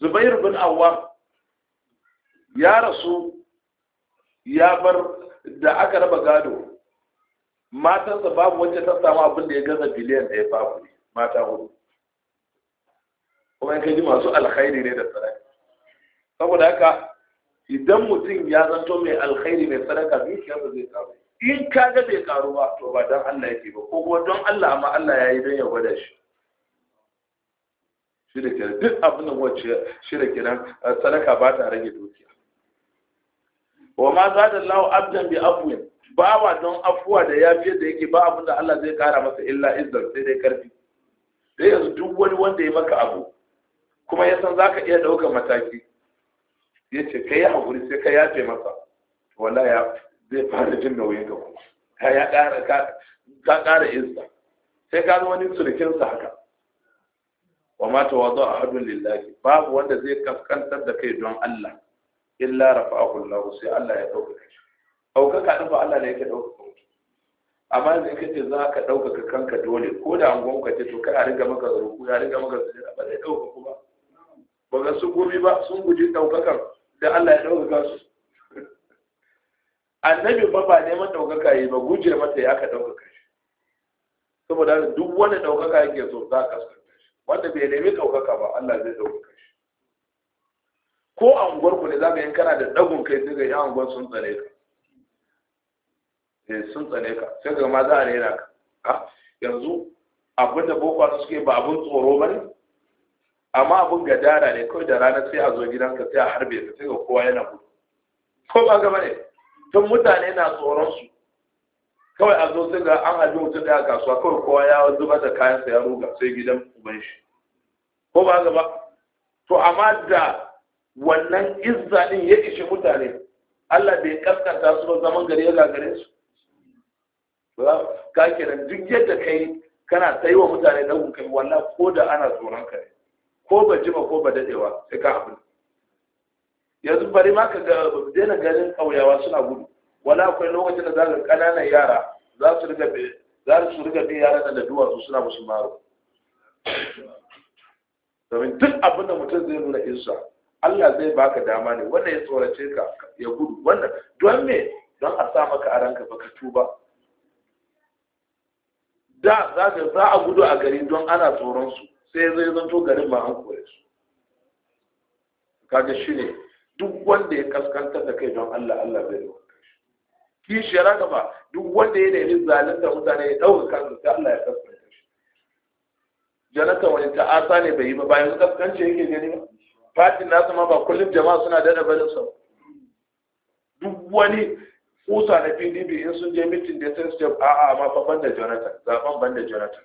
Zubair bin Awwam ya rasu ya bar da aka raba gado matansa babu wacce ta samu abin da ya gaza biliyan ɗaya babu mata hudu kuma in ka masu alkhairi ne da sarari saboda haka idan mutum ya zanto mai alkhairi mai sadaka zuciyarsa zai karu in ka ga bai karu ba to ba don Allah yake ba ko kuma don Allah amma Allah ya yi don ya gwada shi shi da kenan duk abin wacce shi da kenan eh, sadaka ba ta rage dukiya wa ma za da lawo abdan bi afuwin wa don afuwa da ya fiye da yake ba abin da Allah zai kara masa illa izzar sai dai karfi sai yanzu duk wani wanda ya maka abu kuma ya san zaka iya ɗaukar mataki ya ce ka yi haƙuri sai ka ce masa wala ya zai fara jin nauyin ka kuma ka ya ƙara ka ƙara insa sai ka zo wani sa haka wa ma a ahadun lillahi babu wanda zai kaskantar da kai don Allah illa rafa'ahu Allah sai Allah ya dauka kai daukaka din ba Allah ne yake dauka amma yanzu kace za ka ka kanka dole ko da an gonka ce to kai a riga maka ruku ya riga maka zuru ba zai dauka ku ba ba ga su gobi ba sun guji daukakan da Allah ya ɗaukaka su annabi ba ba neman ɗaukaka yi ba guje mata ya ka ɗaukaka shi saboda duk wanda ɗaukaka yake so za ka kaskanta wanda bai nemi ɗaukaka ba Allah zai ɗaukaka shi ko a unguwar ne za ka yi kana da ɗagun kai sai ga yan unguwar sun tsare ka eh, sun tsare ka sai ga ma za a rera ka ah, yanzu abinda boko suke ba abin tsoro ba ne amma abin gadara ne kawai da rana sai a zo gidanka sai a harbe ka sai ga kowa yana gudu ko ba gaba ne don mutane na tsoron su kawai a zo sai ga an haɗu mutum ɗaya kasuwa kawai kowa ya zuba da kayan sa ya ruga sai gidan uban shi ko ba gaba to amma da wannan izza din ya ishi mutane Allah bai kaskanta su ba zaman gari ya gagare su ka kenan duk yadda kai kana ta yi wa mutane na kai wallahi ko da ana tsoron ka ne ko ba jima ko ba dadewa sai ka abu yanzu bari ma ka daina ganin ƙauyawa suna gudu wala akwai lokacin da zaka ƙananan yara za su riga bi za su riga bi yaran da duwatsu suna musu maro domin duk abin da mutum zai nuna insa Allah zai baka dama ne wanda ya tsorace ka ya gudu wanda don me don a sa maka a ranka baka tuba da za a gudu a gari don ana tsoron su sai zai zanto garin ba an kore su kaga shi ne duk wanda ya kaskantar da kai don Allah Allah zai yi wanda shi kishiyar haka ba duk wanda ya nemi zalunta mutane ya ɗauka kansu sai Allah ya kaskanta shi janata wani ta'asa ne bai yi ba bayan kaskanci yake gani ba fatin nasu ma ba kullum jama'a suna dada barin sa duk wani kusa na pdp in sun je mitin da sai su ce a'a ma fa ban da jonathan zaɓen ban da jonathan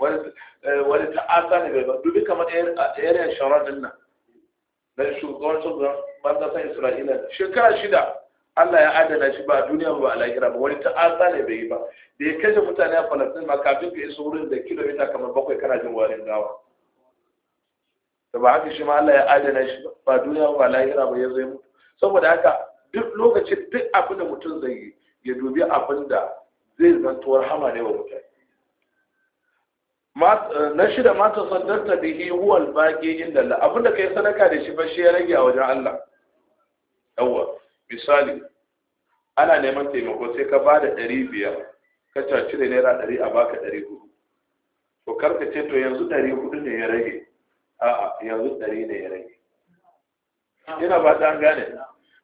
Eh, wani ta'asa ne bai ba dubi kamar yanayin shawarar din nan na shugaban shugaban bangasan isra'ila shekara shida allah ya adana shi ba a duniya ba a lahira ba wani ta'asa ne bai yi ba da ya kashe mutane a falasin ma kafin ka yi wurin da kilomita kamar bakwai kana jin warin gawa da ba haka shi ma allah ya adana shi ba a duniya ba a lahira ba ya zai mutu saboda haka duk lokacin duk abin da mutum zai yi ya dubi abin da zai zantuwar rahama ne wa mutane Eh, na shida ma ta saddarta bihi huwa al-baqi inda Allah abin da kai sadaka da shi ba shi ya rage a wajen Allah yawa misali ana neman taimako sai ka ba da ɗari biyar ka caci da naira ɗari a baka ɗari hudu to karka ce to yanzu ɗari hudu ne ya rage a'a yanzu ɗari ne ya rage ina ba ta gane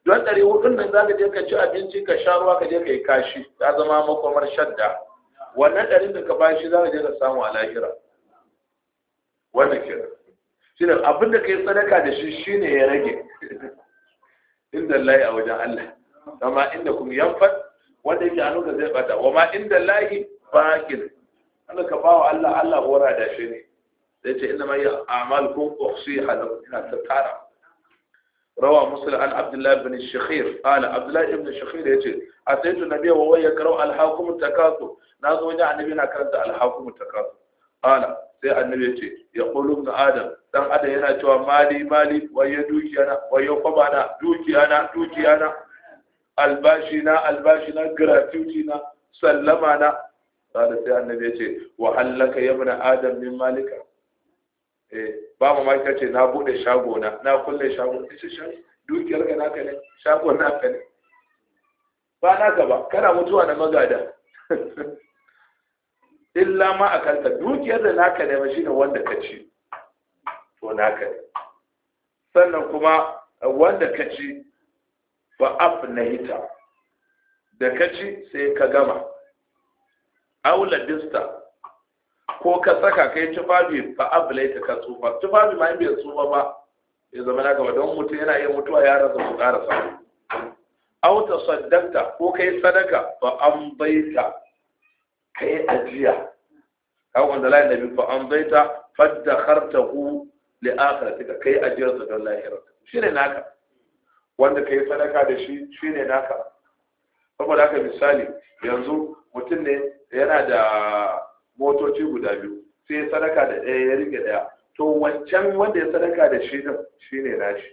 don ɗari hudun nan za ka je ka ci abinci ka sha ruwa ka je ka yi kashi ta zama makomar shadda wannan ɗarin da ka ba shi za ka je ka samu a lahira wannan kira shi ne abin da ka yi sadaka da shi shi ne ya rage inda layi a wajen Allah amma inda kuma yanfat wanda yake hannunka zai bata wa ma inda layi bakin an ka bawa Allah Allah wara da shi ne Zai ce inda ma yi amal kun ƙoƙsi halau ina ta tara rawa musulun an bin shakir ala abdullahi ibn shakir ya ce a sai tu nabi wa waya karau alhakumun ta na zo wani annabi na karanta alhakumun ta kasu ala sai annabi ya ce ya kulu adam dan ada yana cewa mali mali waye dukiya na waye kwaba na dukiya albashi na albashi na gratuity na sallama na sai annabi ya ce wa halaka yabna adam min malika ba mu maki kace na bude shago na na kulle shago shi shago dukiyar ka naka ne shago naka ne ba ka ba kana mutuwa na magada (laughs) illa ma kanta dukiyar da naka ne ba shine wanda ka ci to naka ne sannan kuma wanda ka ci ba af na hita da ka ci sai ka gama aula dista ko ka saka kai tufafi ba abulaita ka tsufa tufafi ma bai tsufa ba ya zama na gaba don mutum yana iya mutuwa ya rasa su ƙara sa au ta ko kai sadaka ba an baita kai ajiya kawo wanda layin da ba an baita fadda harta hu kai ajiyar sa don shi ne naka wanda kai sadaka da shi shine naka saboda haka misali yanzu mutum ne yana da motoci guda biyu sai sadaka da ɗaya ya rike ɗaya to wancan wanda ya sadaka da shi ɗin shi ne nashi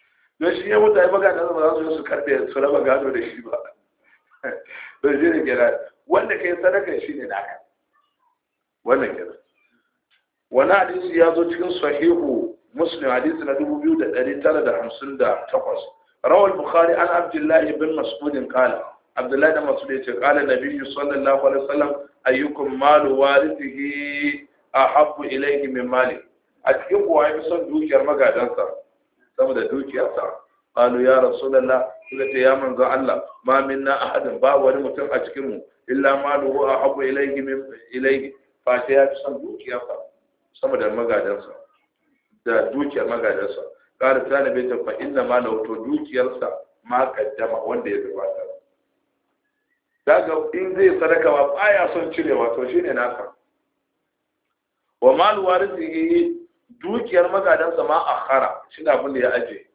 (laughs) don shi ya mutane ba gado ba za su yi su karɓe su raba gado da shi ba (laughs) don shi ne gina wanda ka yi sadaka shi ne naka wannan gina wani hadisi ya zo cikin sahihu muslim hadisi na dubu biyu da da ɗari tara hamsin takwas. rawar bukhari an abdullahi bin mas'udin kala abdullahi da masu da ce kala nabiyyu sallallahu alaihi wasallam ayyukan malu a haɓu ilayhi min mali a cikin kuwa ya son dukiyar magadansa sama da dukiyarsa malu ya rasulullah suka ce ya manzo Allah ma min minna ahadin ba wani mutum a cikinmu illa maluhu ahabbu ilayhi min ilayhi fa Ya ya son dukiyarsa sama da magadansa da dukiyar magadansa qala ta nabi ta fa inna malahu to dukiyarsa ma kaddama wanda ya gabata daga in zai sadaka ba baya son cirewa to shine nasa wa mal warisihi dukiyar magadansa ma akhara shine abin da ya aje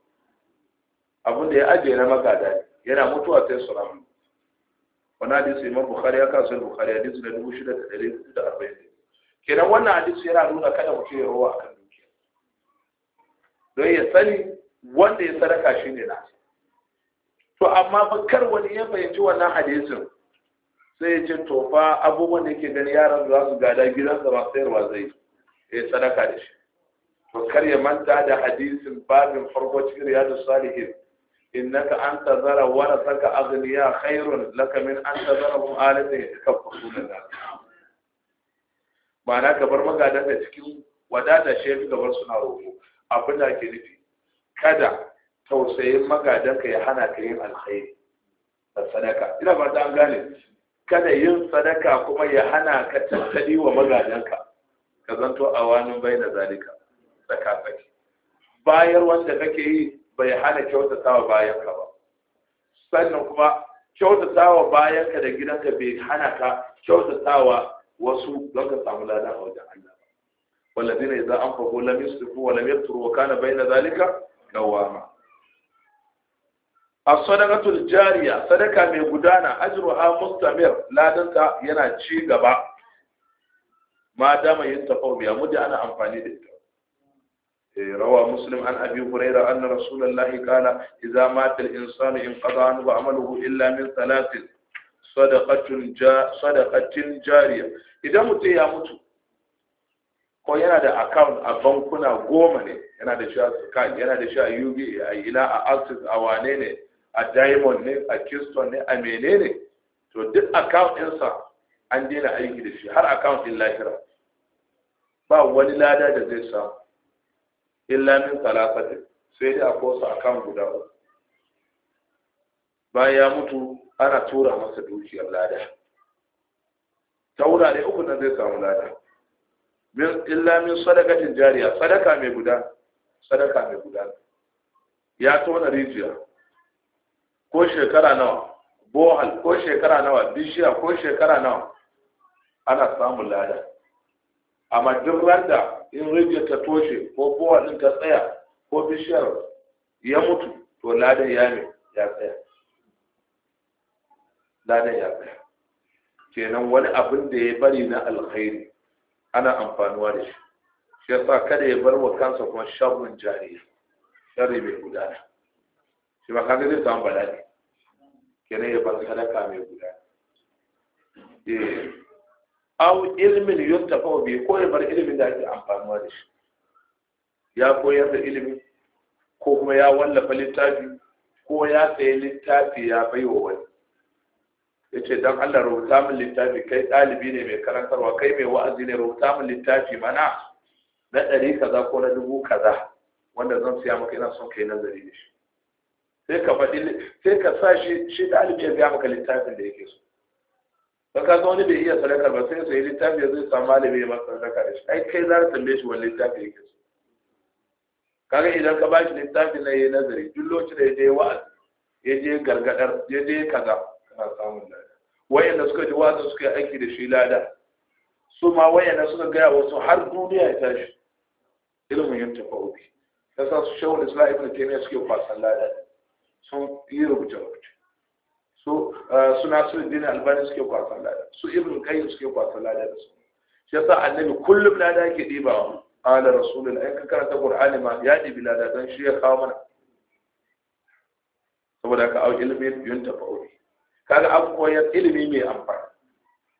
abin da ya aje na magada yana mutuwa sai su wannan wani hadisi imam bukhari ya kasu bukhari hadisi na 6440 kenan wannan hadisi yana nuna kada mutum ya rawa akan dukiya don ya sani wanda ya sadaka shine nasa to amma kar wani ya fahimci wannan hadisin sai ce to fa abubuwan da ke gani yaran za su gada gidansa ba sayarwa zai ya sadaka da shi to kar ya manta da hadisin babin farko cikin riyadu salihin innaka an zara wani saka azniya khairun laka min an tazara mun alatin ya kafa sunan da ma'ana ka bar magadan da cikin wadata shi ka gabar suna roƙo abin da ke nufi kada tausayin magadan ka ya hana ka yin alkhairi da sadaka ina ba ta an gane kada yin sadaka kuma ya hana ka tattali wa magajanka, ka zanto a wani bai na zalika tsakatsaki bayar wanda kake yi bai hana kyautata wa bayanka ba sannan kuma kyautata wa bayanka da gidanka bai hana ka kyautata wa wasu don ka samu lada a wajen Allah ba wallazina an anfaqu lam yusrifu wa lam yaqturu wa kana bayna zalika Gawama. A sadakatun jariya sadaka mai gudana ajruha mustamir ladanta yana ci gaba ma dama yantafau ya mudi ana amfani da ita eh rawa muslim an abi hurayra anna rasulullahi kana idza matal insanu in qada an wa amaluhu illa min salatin. sadaqatul ja jariya idan mutu ya mutu ko yana da account a bankuna goma ne yana da shi yana da shi UBI ila a access a wane ne a diamond ne a kiston ne a menene to duk account ɗinsa an daina aiki da shi har account ɗin lahira ba wani lada da zai samu illa min talafatin sai dai a kosa account guda uku bayan ya mutu ana tura masa dukiyar lada ta wurare uku na zai samu lada illa min sadakatin jariya sadaka mai guda sadaka mai guda ya tona rijiya ko shekara nawa bohal ko shekara nawa bishiya ko shekara nawa ana samun lada amma duk randa in rage ta toshe ko bohal ta tsaya ko bishiyar ya mutu to ladan ya ne ya tsaya ladan ya tsaya kenan wani abin da ya bari na alkhairi ana amfanuwa da shi shi sa kada ya bar wa kansa kuma shabun jariya shari mai gudana shi ba kaga zai samu bala'i kenan ya bar sadaka mai guda eh au ilmin yuntafa bi ko ya bar ilimin da ake amfani da shi ya koyar da ilimi ko kuma ya wallafa littafi ko ya sayi littafi ya bai wa wani ya ce don allah rubuta min littafi kai ɗalibi ne mai karantarwa kai mai wa'azi ne rubuta min littafi mana na ɗari kaza ko na dubu kaza wanda zan siya maka ina son kai nazari da shi sai ka faɗi sai ka sa shi shi ɗalibi ya ga maka littafin da yake so don ka wani bai iya sadaka ba sai sai littafi ya zai samu malami ya masa sadaka da shi ai kai za ka tambaye shi wani littafi yake so kaga idan ka bashi littafi na yi nazari duk lokacin da ya je wa'azi ya je gargadar ya je kaza kana samun lada wayanda suka ji wa'azi suka yi aiki da shi lada su ma wayanda suka gaya wasu har duniya ya tashi ilimin yin tafa'ubi ta sa su shawar islam ibn taimiyya suke kwasan lada sun yi rubuce-rubuce su suna eh, su dina albani suke kwasan lada su ibn kayan suke kwasan lada da su shi yasa annabi kullum lada yake diba ala rasulullah in ka karanta qur'ani ma ya dibi lada dan shi ya kawo mana saboda ka au ilmi yunta fa'uli kaga an koyar ilimi mai amfani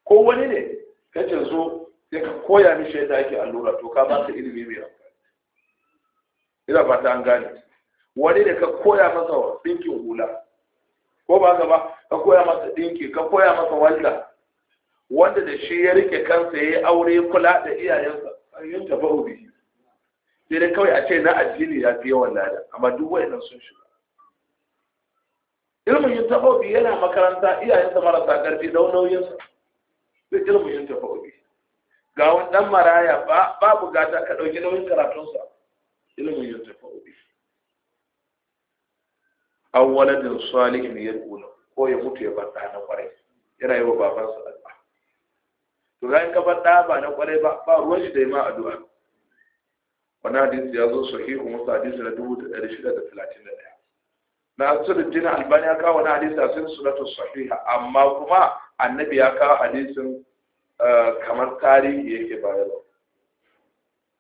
ko wani ne kace zo ya ka koya mishi yadda ake allura to ka ba ka ilimi mai amfani ina fata an gane wani da ka koya masa dinkin hula ko ba ka ba ka koya masa dinki ka koya masa wanda, wanda da shi ya rike kansa ya yi aure kula da iyayensa yin tafi ubi sai dai kawai a ce na addini ya fi yawan lada amma duk waina sun shiga ilmin yin tafi ubi yana makaranta iyayensa marasa ƙarfi dau nauyinsa sai ilmin yin tafi ubi ga wani dan maraya ba bugata ka ɗauki nauyin karatunsa ilimin yin tafa aw waladin salihin yad'u ko ya mutu ya bar na kwarai yana yi wa babansa addu'a to ga ka bar ba na kwarai ba ba ruwan shi da ma addu'a wannan hadisi ya zo sahihu musa hadisi na 1631 na asiruddin albani ya kawo wani hadisi a sun sunatu sahiha amma kuma annabi ya kawo hadisin eh, kamar tarihi yake bayarwa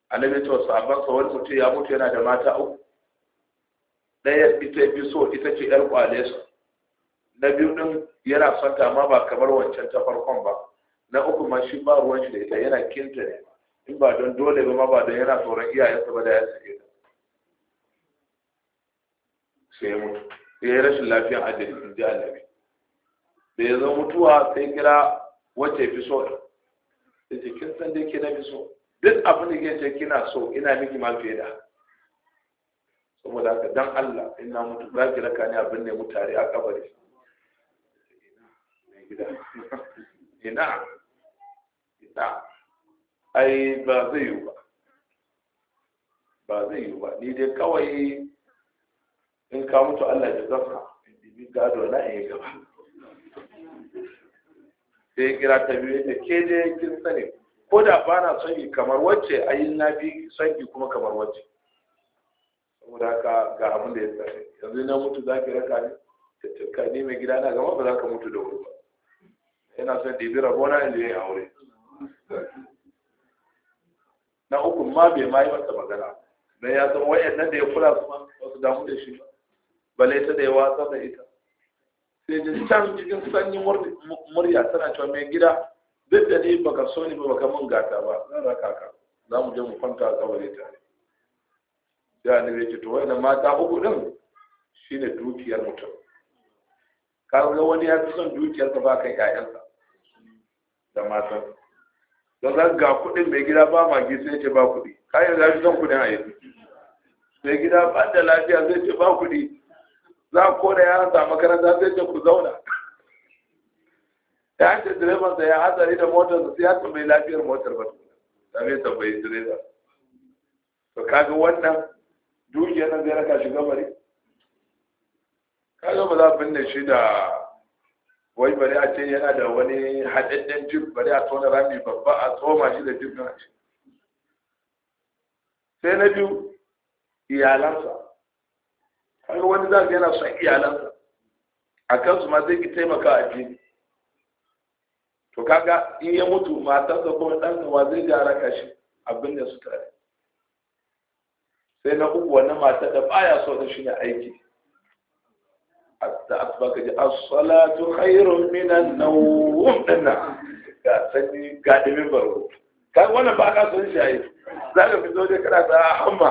annabi to sahabban sa wani mutum ya mutu yana da mata uku ɗaya ita fi so ita ce yar kwalesa na biyu ɗin yana son ta ma ba kamar wancan ta farkon ba na uku ma shi ba ruwan shi da ita yana kinta ne in ba don dole ba ma ba don yana tsoron iyayensa ba da ya sake ta sai mutu mutu ya yi rashin lafiya a jiri in ji alabi da ya zama mutuwa sai kira wacce fi so da jikin san ke kina fi so duk abin da ke ce kina so ina miki ma fiye da haka saboda haka dan Allah ina mutu za ki raka ni abin ne mutare a kabari ina ina ai ba zai yi ba ba zai yi ba ni dai kawai in ka mutu Allah ya zafa in dibi gado na in gaba sai kira ta biyu da ke dai kin sani ko da ba na sani kamar wacce ayin na bi sani kuma kamar wacce saboda haka ga abin da ya sami yanzu na mutu za ki raka ni tattalka ni mai gida na gama ba za ka mutu da wuri ba yana son ɗibi rabona inda ya yi aure na uku ma bai ma yi masa magana don ya san wayan nan da ya kula kuma? ma wasu damu da shi ba bale ta da ya wasa da ita sai ji can cikin sanyi murya tana cewa mai gida duk da ni baka so ni ba baka mun gata ba zan raka ka za mu je mu kwanta a tsawari tare Da ne yake ce to wannan mata uku din shine dukiyar mutum kaga wani ya fi son ka ba kan ƴaƴansa da mata don zan ga kuɗin mai gida ba magi sai ce ba kuɗi kayan za fi son kuɗin a yanzu mai gida ba da lafiya zai ce ba kuɗi za ko da yaran sa makaranta zai ce ku zauna ya ce direban sa ya hatsari da motar sai ya tambayi lafiyar motar ba tabe tambayi direba to kaga wannan dukiyar nan zai raka shi gabari kaga ba za a binne shi da wai bari a ce yana da wani haɗaɗɗen jib bari a tona rami babba a tsoma shi da jib na shi sai na biyu iyalansa kaga wani za ka yana son iyalansa a kansu ma zai ki taimaka a jini to kaga in ya mutu matarsa ko ɗansa ma zai gara kashi abin da su tare sai na uku wani mata da baya so da shi ne aiki hatta asbaka ji as-salatu khairun min an-nawm dinna ga sanyi ga dimin baro kai wannan ba ka son shayi za ka fito da kana ta amma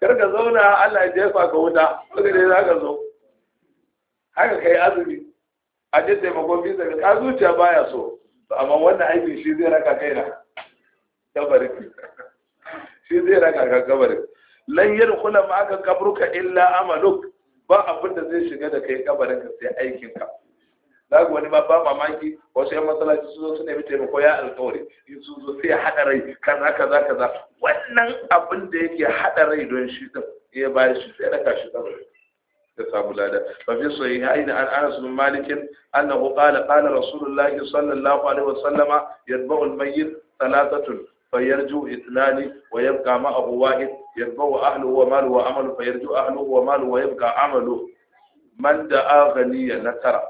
kar ka zauna Allah ya jefa ka wuta kaga dai za ka zo haka kai azumi a je taimakon bisa ka zuciya baya so amma wannan aikin shi zai raka kaina tabariki shi zai raka ka kabarin lan ma aka kaburka illa amaluk ba abin da zai shiga da kai kabarin ka sai aikin ka ku wani ba ba mamaki wasu yan masallaci su zo su nemi taimako ya alƙawari in su zo sai haɗa rai kaza kaza kaza wannan abin da yake haɗa rai don shi din ya ba shi sai raka shi kabarin كتاب الله ففي صحيحين عن انس بن مالك انه قال قال رسول الله صلى الله عليه وسلم يتبع الميت ثلاثه فيرجو اثنان ويبقى معه واحد يتبع أهله وماله وعمله فيرجو أهله وماله ويبقى عمله من دعا غنيا نترى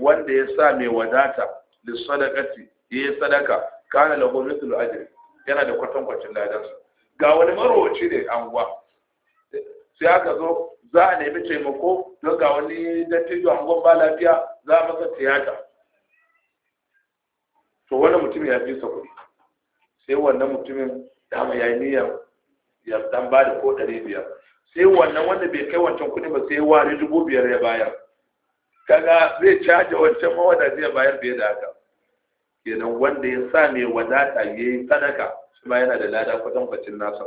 وان يسامي وداتا للصدقة هي صدقة كان له مثل أجر yana da kwatankwacin ladansa ga wani marowaci ne anguwa sai aka zo za a nemi taimako don ga wani dattijo anguwan ba lafiya za a masa tiyata to wani mutum ya fi kuɗi sai wannan mutumin dama ya yi niyyar ya dan ba da ko ɗari biyar sai wannan wanda bai kai wancan kuɗi ba sai wari dubu biyar ya bayar kaga zai caje wancan mawada zai bayar fiye da haka kenan wanda ya sa mai wadata ya yi sadaka shi ma yana da lada bacin nasa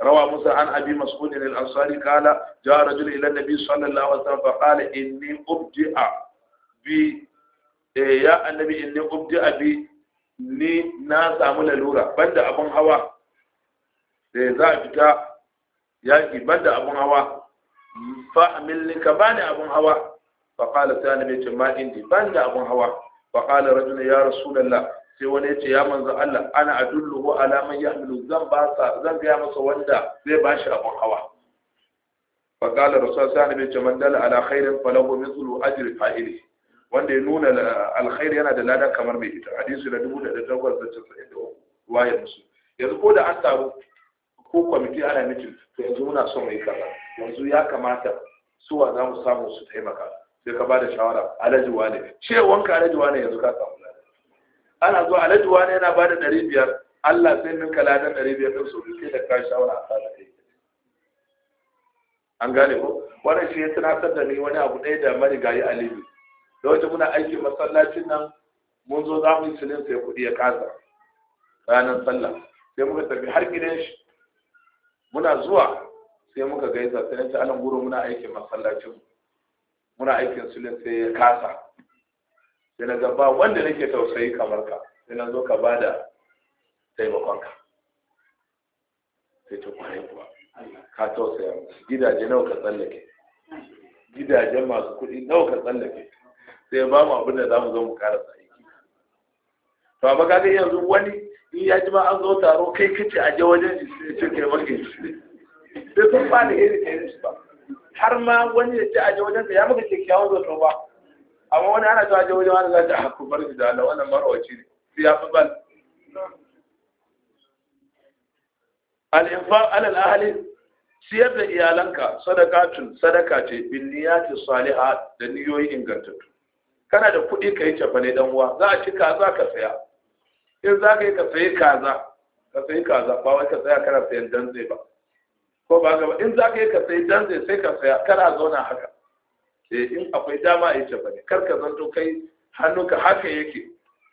روى موسى عن أبي مسعود الأنصاري قال جاء رجل إلى النبي صلى الله عليه وسلم فقال إني أبدع بي يا النبي إني أبدع بي ni na samu lalura banda abin hawa da za a fita yaƙi banda abin hawa fa'amil ni ka ni abin hawa fa qala sai annabi ce ma indi banda abin hawa fa qala rajul ya lalla sai wani ce ya manzo Allah ana adulluhu ala man yahmilu zan ba sa zan ga masa wanda zai ba shi abin hawa fa qala rasul sai annabi ce man dalla ala khairin falahu mithlu ajri fa'ilihi wanda ya nuna alkhairi yana da lada kamar mai ita hadisi na 1893 waye musu yanzu ko da an taru ko kwamiti ana mitin to yanzu muna son mai kaza yanzu ya kamata suwa za mu samu su taimaka sai ka bada shawara alhaji wane ce wanka alhaji wane yanzu ka samu lada ana zuwa alhaji wane yana bada 500 Allah sai ka ladan 500 ɗin so sai da kai shawara a kana kai an gane ko wannan shi ya tunatar da ni wani abu ɗaya da marigayi alibi da wata muna aikin masallacin nan mun zo za mu yi silin sai kuɗi ya kasa ranar sallah sai muka tafi har gidan shi muna zuwa sai muka gaisa sai ta anan gurin muna aikin masallacin muna aikin silin sai ya kasa sai na gaba wanda nake tausayi kamar ka sai na zo ka ba da taimakon ka. sai ta kwarai kuwa ka tausaya gidaje nawa ka tsallake gidajen masu kuɗi nawa ka tsallake sai ba mu abin da za mu zo mu karasa aiki to amma kaga yanzu wani in ya ji ma an zo taro kai kace a je wajen shi sai ce kai maka shi sai sun ba da iri da su ba har ma wani ya ce a je wajen ya maka ce kyawun zato ba amma wani ana zuwa je wajen wani za ta haku ah, bar da Allah wannan marawaci ne sai ya fi ban al-infaq al-ahli siyar da iyalanka sadakatun sadaka ce bin niyyati salihah da niyoyi ingantattu kana da kuɗi ka yi cefane dan uwa za a ci kaza ka saya in za ka yi ka sayi kaza ka sayi kaza ba wai ka saya kana sayan danze ba ko ba gaba in za ka yi ka sayi danze sai ka saya kana zauna haka E, in akwai dama a yi cefane kar ka zanto kai hannunka haka yake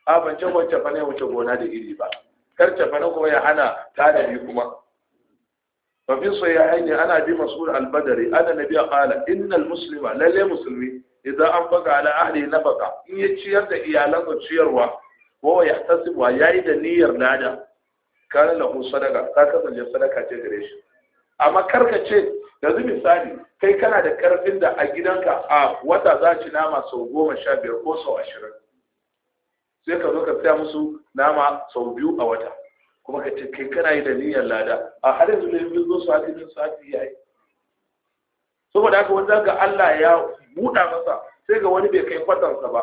a ban ce wacce fa ne wuce gona da iri ba kar ce ne kuma ya hana tanadi kuma ba fi so ya ana bi masul albadari ana nabi qala innal muslima lalle musulmi idan an baka ala ahli nafaka in ya ciyar da iyalan iyalansa ciyarwa ko ya wa yayi da niyyar lada kana lahu sadaka ka kasance sadaka ce gare shi amma karka ce yanzu misali kai kana da karfin da a gidanka a wata za ci nama sau goma sha biyar ko sau ashirin sai ka zo ka saya musu nama sau biyu a wata kuma ka ce kai kana yi da niyyar lada a har yanzu ne zo su hati sati yayi saboda haka wanda ga Allah ya buɗa masa sai ga wani bai kai kwatansa ba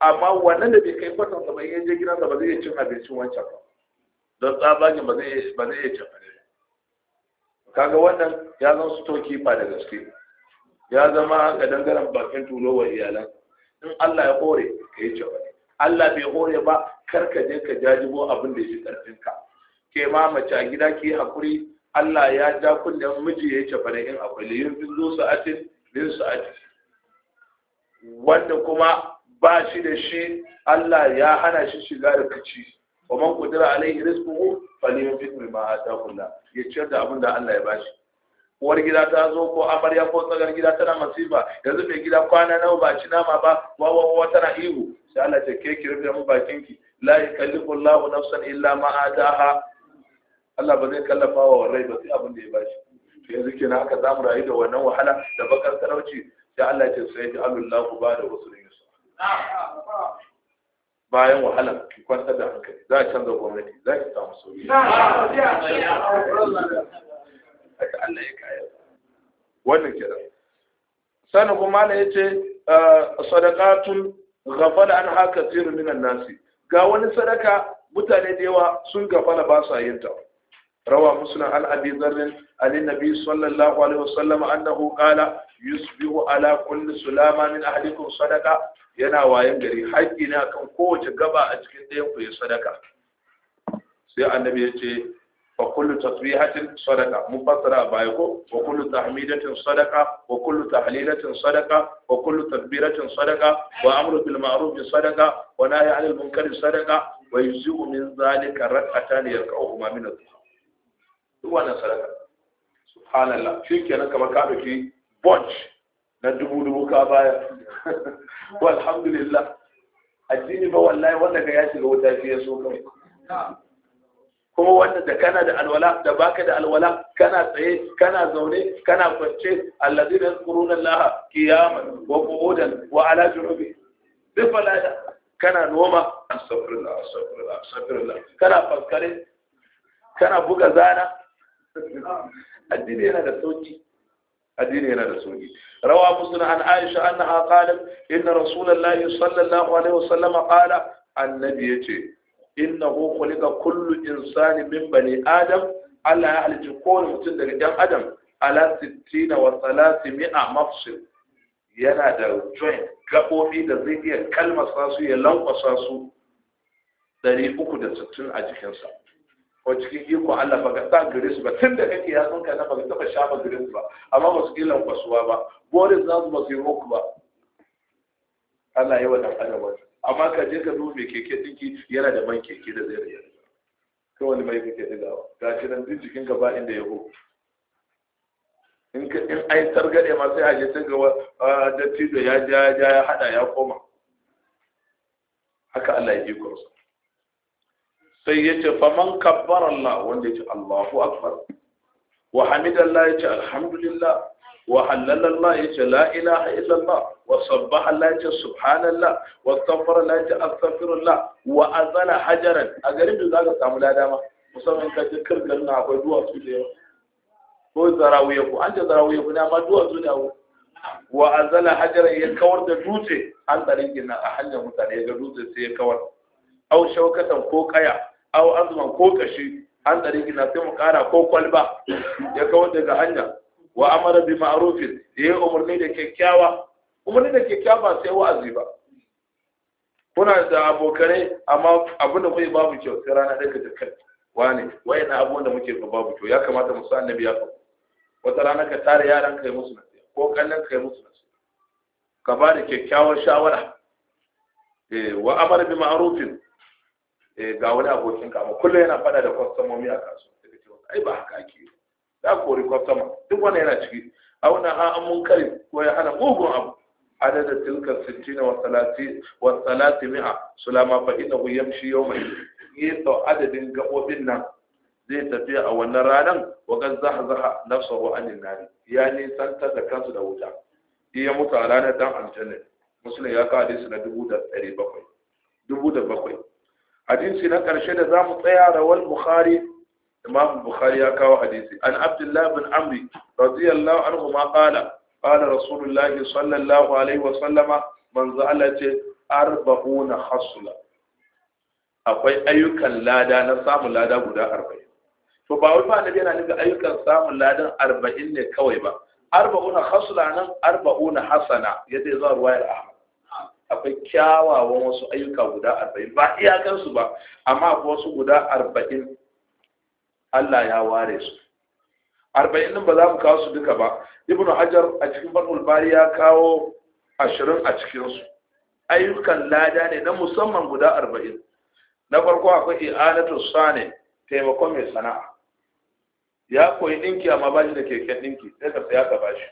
amma wannan da bai kai kwatansa ba yanzu je gidansa ba zai iya cin abincin wancan ba don tsabagen ba zai ba zai iya cin kaga wannan ya zama su toki ba da gaske ya zama ga dangaren bakin tulo wa iyalan in Allah ya hore ka yi cewa Allah bai hore ba kar ka je ka jajibo abin da ya fi karfinka ke ma mace a gida ki hakuri Allah ya ja kullum miji ya yi bane in akwai liyun bin zo sa'atin bin wanda kuma ba shi da shi Allah ya hana shi shiga da kici kuma kudura alaihi rizquhu falyunfiq mimma ma Allah ya ciyar da abin da Allah ya bashi uwar gida ta zo ko amarya ko tsagar gida tana masifa yanzu mai gida kwana nawa ba ci nama ba wa wa wa tana ihu sai Allah ta ke ki mu bakin ki la yukallifu Allahu nafsan illa ma ataha Allah ba zai kallafa wa rai ba sai abin da ya bashi to yanzu na haka za mu rayu da wannan wahala da bakar talauci sai Allah ya ce sai ji alullahu ba da wasu ne bayan wahala ki kwanta da hankali za a canza gwamnati za ki samu sauyi haka Allah ya kaya wannan da. sannan kuma ya ce ah, sadaqatun ghafala an haka sirrin minan nasi ga wani sadaka mutane da yawa sun gafala ba sa yin ta روى مسلم عن أبي ذر عن النبي صلى الله عليه وسلم أنه قال يصبح على كل سلامة من أهلكم صدقة yana wayan gari haƙƙina kan kowace gaba a cikin ɗayan ku ya sadaka sai annabi yace ce fa kullu tasbihatin sadaka mun fassara baya ko wa kullu tahmidatin sadaka, wa kullu tahlilatin sadaka, wa kullu takbiratin sadaka, wa amru bil ma'ruf sadaka, wa nahyi 'anil munkari sadaqa wa yuzi'u min zalika rak'atan yarka'uhuma min al duk wannan sadaka subhanallah shi kenan kamar ka ɗauki bunch na dubu dubu ka baya (laughs) walhamdulillah addini ba wallahi wanda ka ya shiga wuta fiye so kawai kuma wanda da kana da alwala da baka da alwala kana tsaye kana zaune kana kwance allazi da kuruna Allah qiyaman wa qu'udan wa ala junubi duk balada kana noma astaghfirullah astaghfirullah astaghfirullah kana faskare kana buga zana addini yana da sauki addini yana da sauki rawa muslim an aisha annaha qalat inna rasulullahi sallallahu alaihi wasallam qala annabi yace innahu khuliqa kullu insani min bani adam Allah ya halicci kowane mutum daga ɗan adam ala 60 wa 300 mafsil yana da joint gabobi da zai iya kalmasa su ya lankwasa su 360 a jikinsa ko cikin iko Allah ba ka sa gare su ba tun da kake ya san na ba ga ta shafa gare su ba amma ba su kilan kwasuwa ba boris za su ba su yi roku ba Allah ya wada ana ba amma ka je ka dubi mai keke dinki yana da man keke da zai rayar kai wani mai keke digawa ga shi nan din cikin gaba inda ya ho in ka in ai targade ma sai a je tun ga dattijo ya ja ya hada ya koma haka Allah ya yi kursa sai ya ce faman kabbar Allah wanda ya ce Allahu akbar wa hamidallah ya ce alhamdulillah wa hallalallah ya ce la ilaha illallah wa sabbaha Allah ya ce subhanallah wa astaghfara Allah ya ce astaghfirullah wa azala hajaran a garin da zaka samu lada ma musamman ka ce kirkar na akwai duwatsu da yawa ko zarawiya ku an ce zarawiya ku ne amma duwatsu ne a wa azala hajaran ya kawar da dutse an tsarin gina a hanyar mutane ya ga dutse sai ya kawar au shaukatan ko kaya aw azman ko kashi an tsari gina sai mu kara ko kwalba ya kawo daga hanya wa amara bi ma'rufin yi umarni da kyakkyawa umarni da kyakkyawa sai wa'azi ba kuna da abokanai amma abin da kuke babu kyau sai rana daga da kai wani wai na abubuwan da muke ba babu kyau ya kamata mu san annabi ya fa wata rana ka tare yaran kai musu nasiha ko kallon kai musu nasiha ka ba da kyakkyawar shawara eh, wa amara bi ma'rufin Eh, ga wani abokin kama kullum yana fada da kwastomomi a kasu daga cewa ai ba haka ake yi za kori kwastoma duk wani yana ciki a wani ha an mun kare ko ya hana mugun abu adada tilka sittina wa salati wa mi'a sulama fa ku yamshi mai yi to adadin gabobin nan zai tafi a wannan ranan wa na zahzaha nafsuhu anin nar ya nisantar da kansu da wuta iya mutu a ranar dan Antenna, Musulun ya kawo hadisi na dubu da ɗari bakwai dubu da bakwai hadisi na ƙarshe da za mu tsaya rawar bukhari imam bukhari ya kawo hadisi an Abdullahi bin amri radiyallahu anhu ma qala qala rasulullah sallallahu alaihi wa sallama man za'ala ce arba'una khasla akwai ayyukan lada na samun lada guda 40 to ba wai ba annabi yana nufin ayyukan samun ladan 40 ne kawai ba arba'una khasla nan arba'una hasana yadda ya zo ruwayar ahmad akwai kyawawan wasu ayyuka guda arba'in ba iyakansu ba amma akwai wasu guda arba'in Allah ya ware su arba'in din ba za mu kawo su duka ba ibnu hajar a cikin fatul bari ya kawo ashirin a cikinsu ayyukan lada ne na musamman guda arba'in na farko akwai i'anatu sane taimakon mai sana'a ya koyi ɗinki amma ba shi da keken ɗinki, sai ka saya ka shi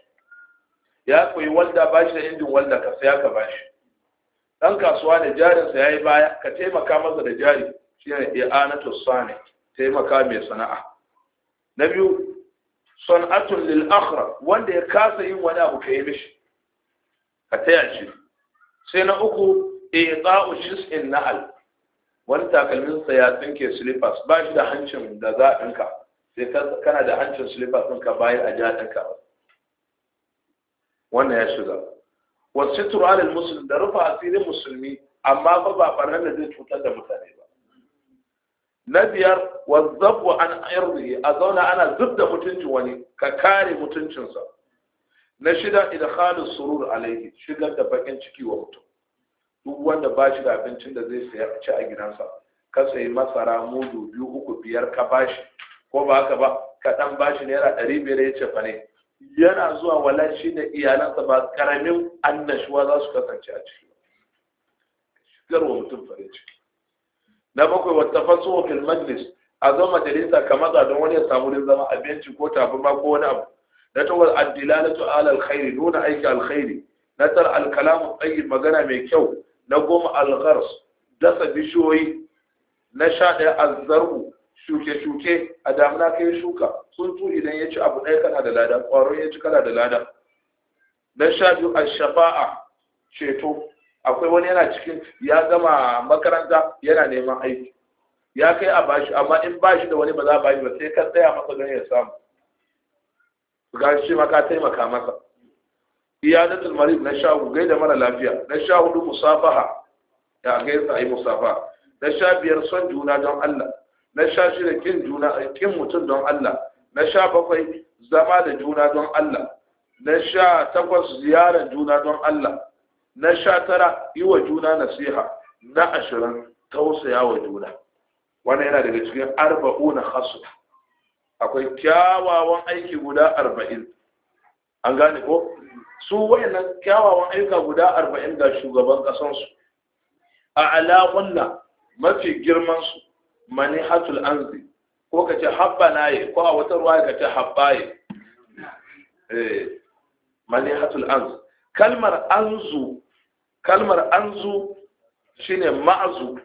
ya koyi walda ba shi da injin walda ka saya ka shi ɗan kasuwa ne jarinsa ya yi baya ka taimaka masa da jari shi ne i'anatu sani taimaka mai sana'a na biyu san'atun lil akhra wanda ya kasa yin wani abu ka yi mishi ka taya shi sai na uku i'ta'u shis'in na'al wani takalminsa ya tsinke slippers ba shi da hancin da za a ɗinka sai kana da hancin slippers ɗinka bayan a ja ɗinka wannan ya shiga wasu turalin musulmi da rufa asirin musulmi amma ba ba ɓarnar da zai cutar da mutane ba na biyar wa an irri a zauna ana zub da mutuncin wani ka kare mutuncinsa na shida idkhalu surur alaihi shigar da bakin ciki wa mutum duk wanda ba shi da abincin da zai sayar ci a gidansa ka sayi masara mudu biyu uku biyar ka bashi ko ba haka ba ka dan bashi naira ɗari biyar ya ce fa ne yana zuwa wala shi ne iyalansa ba karamin annashuwa za su kasance a ciki shigarwa mutum farin ciki na bakwai wata faso fil majlis a zama majalisa kamar za don wani ya samu da zama abinci ko tafi ma ko wani abu na tawar to ala alkhairi nuna aiki alkhairi na tar alkalamu tsayi magana mai kyau na goma alghars dasa bishiyoyi na sha ɗaya azzarbu shuke-shuke a damuna kai shuka sun tu idan ya ci abu ɗaya kana da lada ƙwaro ya ci kana da lada don sha biyu a shafa'a ceto akwai wani yana cikin ya gama makaranta yana neman aiki ya kai a bashi amma in bashi da wani ba za a bashi ba sai ka tsaya masa don ya samu ga shi ma ka taimaka masa iyadatul marid na sha hudu gaida mara lafiya na sha hudu musafaha ya gaisa a yi musafaha na sha biyar son juna don Allah na sha shida kin juna kin mutum don Allah na sha bakwai zama da juna don Allah na sha takwas ziyarar juna don Allah na sha tara yi wa juna nasiha na ashirin tausaya wa juna wannan yana daga cikin arba'u na hasu akwai kyawawan aiki guda arba'in an gane ko su wayannan kyawawan aika guda arba'in ga shugaban kasansu a alaƙunna mafi girman su. mani hatul anzi ko ka ce habba na yi ko a wata ruwa ka ce habba yi eh, mani hatul anzu kalmar anzu kalmar anzu shine ma'azu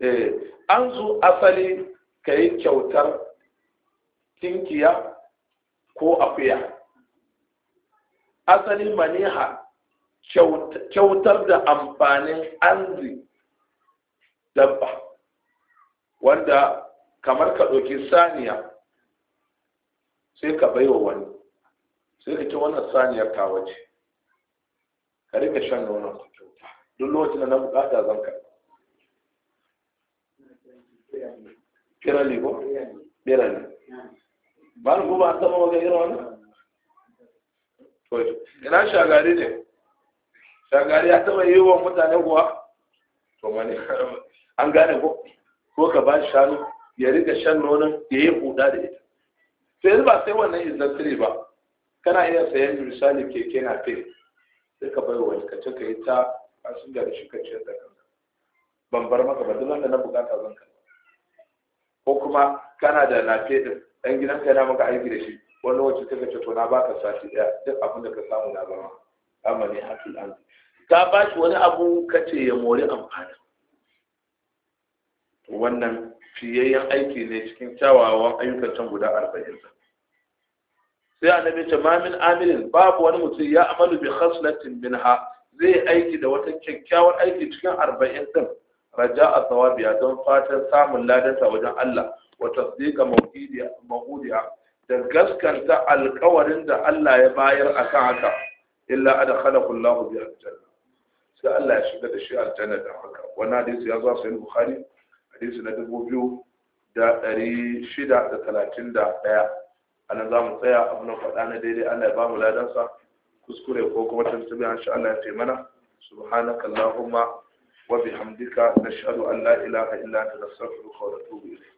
eh, anzu asali ka yi kyautar tinkiya ko akuya asali maniha kyautar da amfanin anzi dabba wanda kamar ka ɗauki saniya sai ka baiwa wani sai ka ke wannan saniyar ta waje ka rika shan nonon ku kyauta duk lokacin da na bukata zan ka kirali ko birane ba ni ba taɓa wajen irin wani ina shagari ne shagari ya taɓa yi wa mutane kuwa to mani an gane ko ko ka ba shanu ya riga shan nonon ya yi huda da ita to yanzu ba sai wannan industry ba kana iya sayan misali keke na fe sai ka bai wani ka ka yi ta a sun da shi ka da kanka ban bar maka ba duk na bukata zan ka ko kuma kana da nafe din dan gidan ka na maka aiki da shi wani wacce ta ce to na baka sati daya duk abin da ka samu na amma ne hakil an ka ba shi wani abu kace ya mori amfani wannan fiyayyen aiki ne cikin kyawawan ayyukan can guda arba'in sai annabi ce mamin amirin, babu wani mutum ya amalu bi khaslatin minha zai aiki da wata kyakkyawar aiki cikin arba'in din raja a tsawabiya don fatan samun ladanta wajen Allah wata tasdiqa mahudiya, da gaskanta alkawarin da Allah ya bayar akan haka illa adkhalahu Allah bi aljanna sai Allah ya shiga da shi aljanna da haka Wani hadisi ya zo sai Bukhari hadisi na dubu biyu da ɗari shida da talatin da ɗaya a nan za mu tsaya abu na faɗa na daidai allah ya ba mu ladansa kuskure ko kuma tattabi an sha ya taimana subhanaka allahumma wa bihamdika nashhadu an la ilaha illa anta nastaghfiruka wa natubu ilayk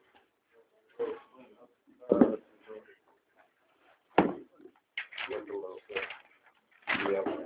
Thank you.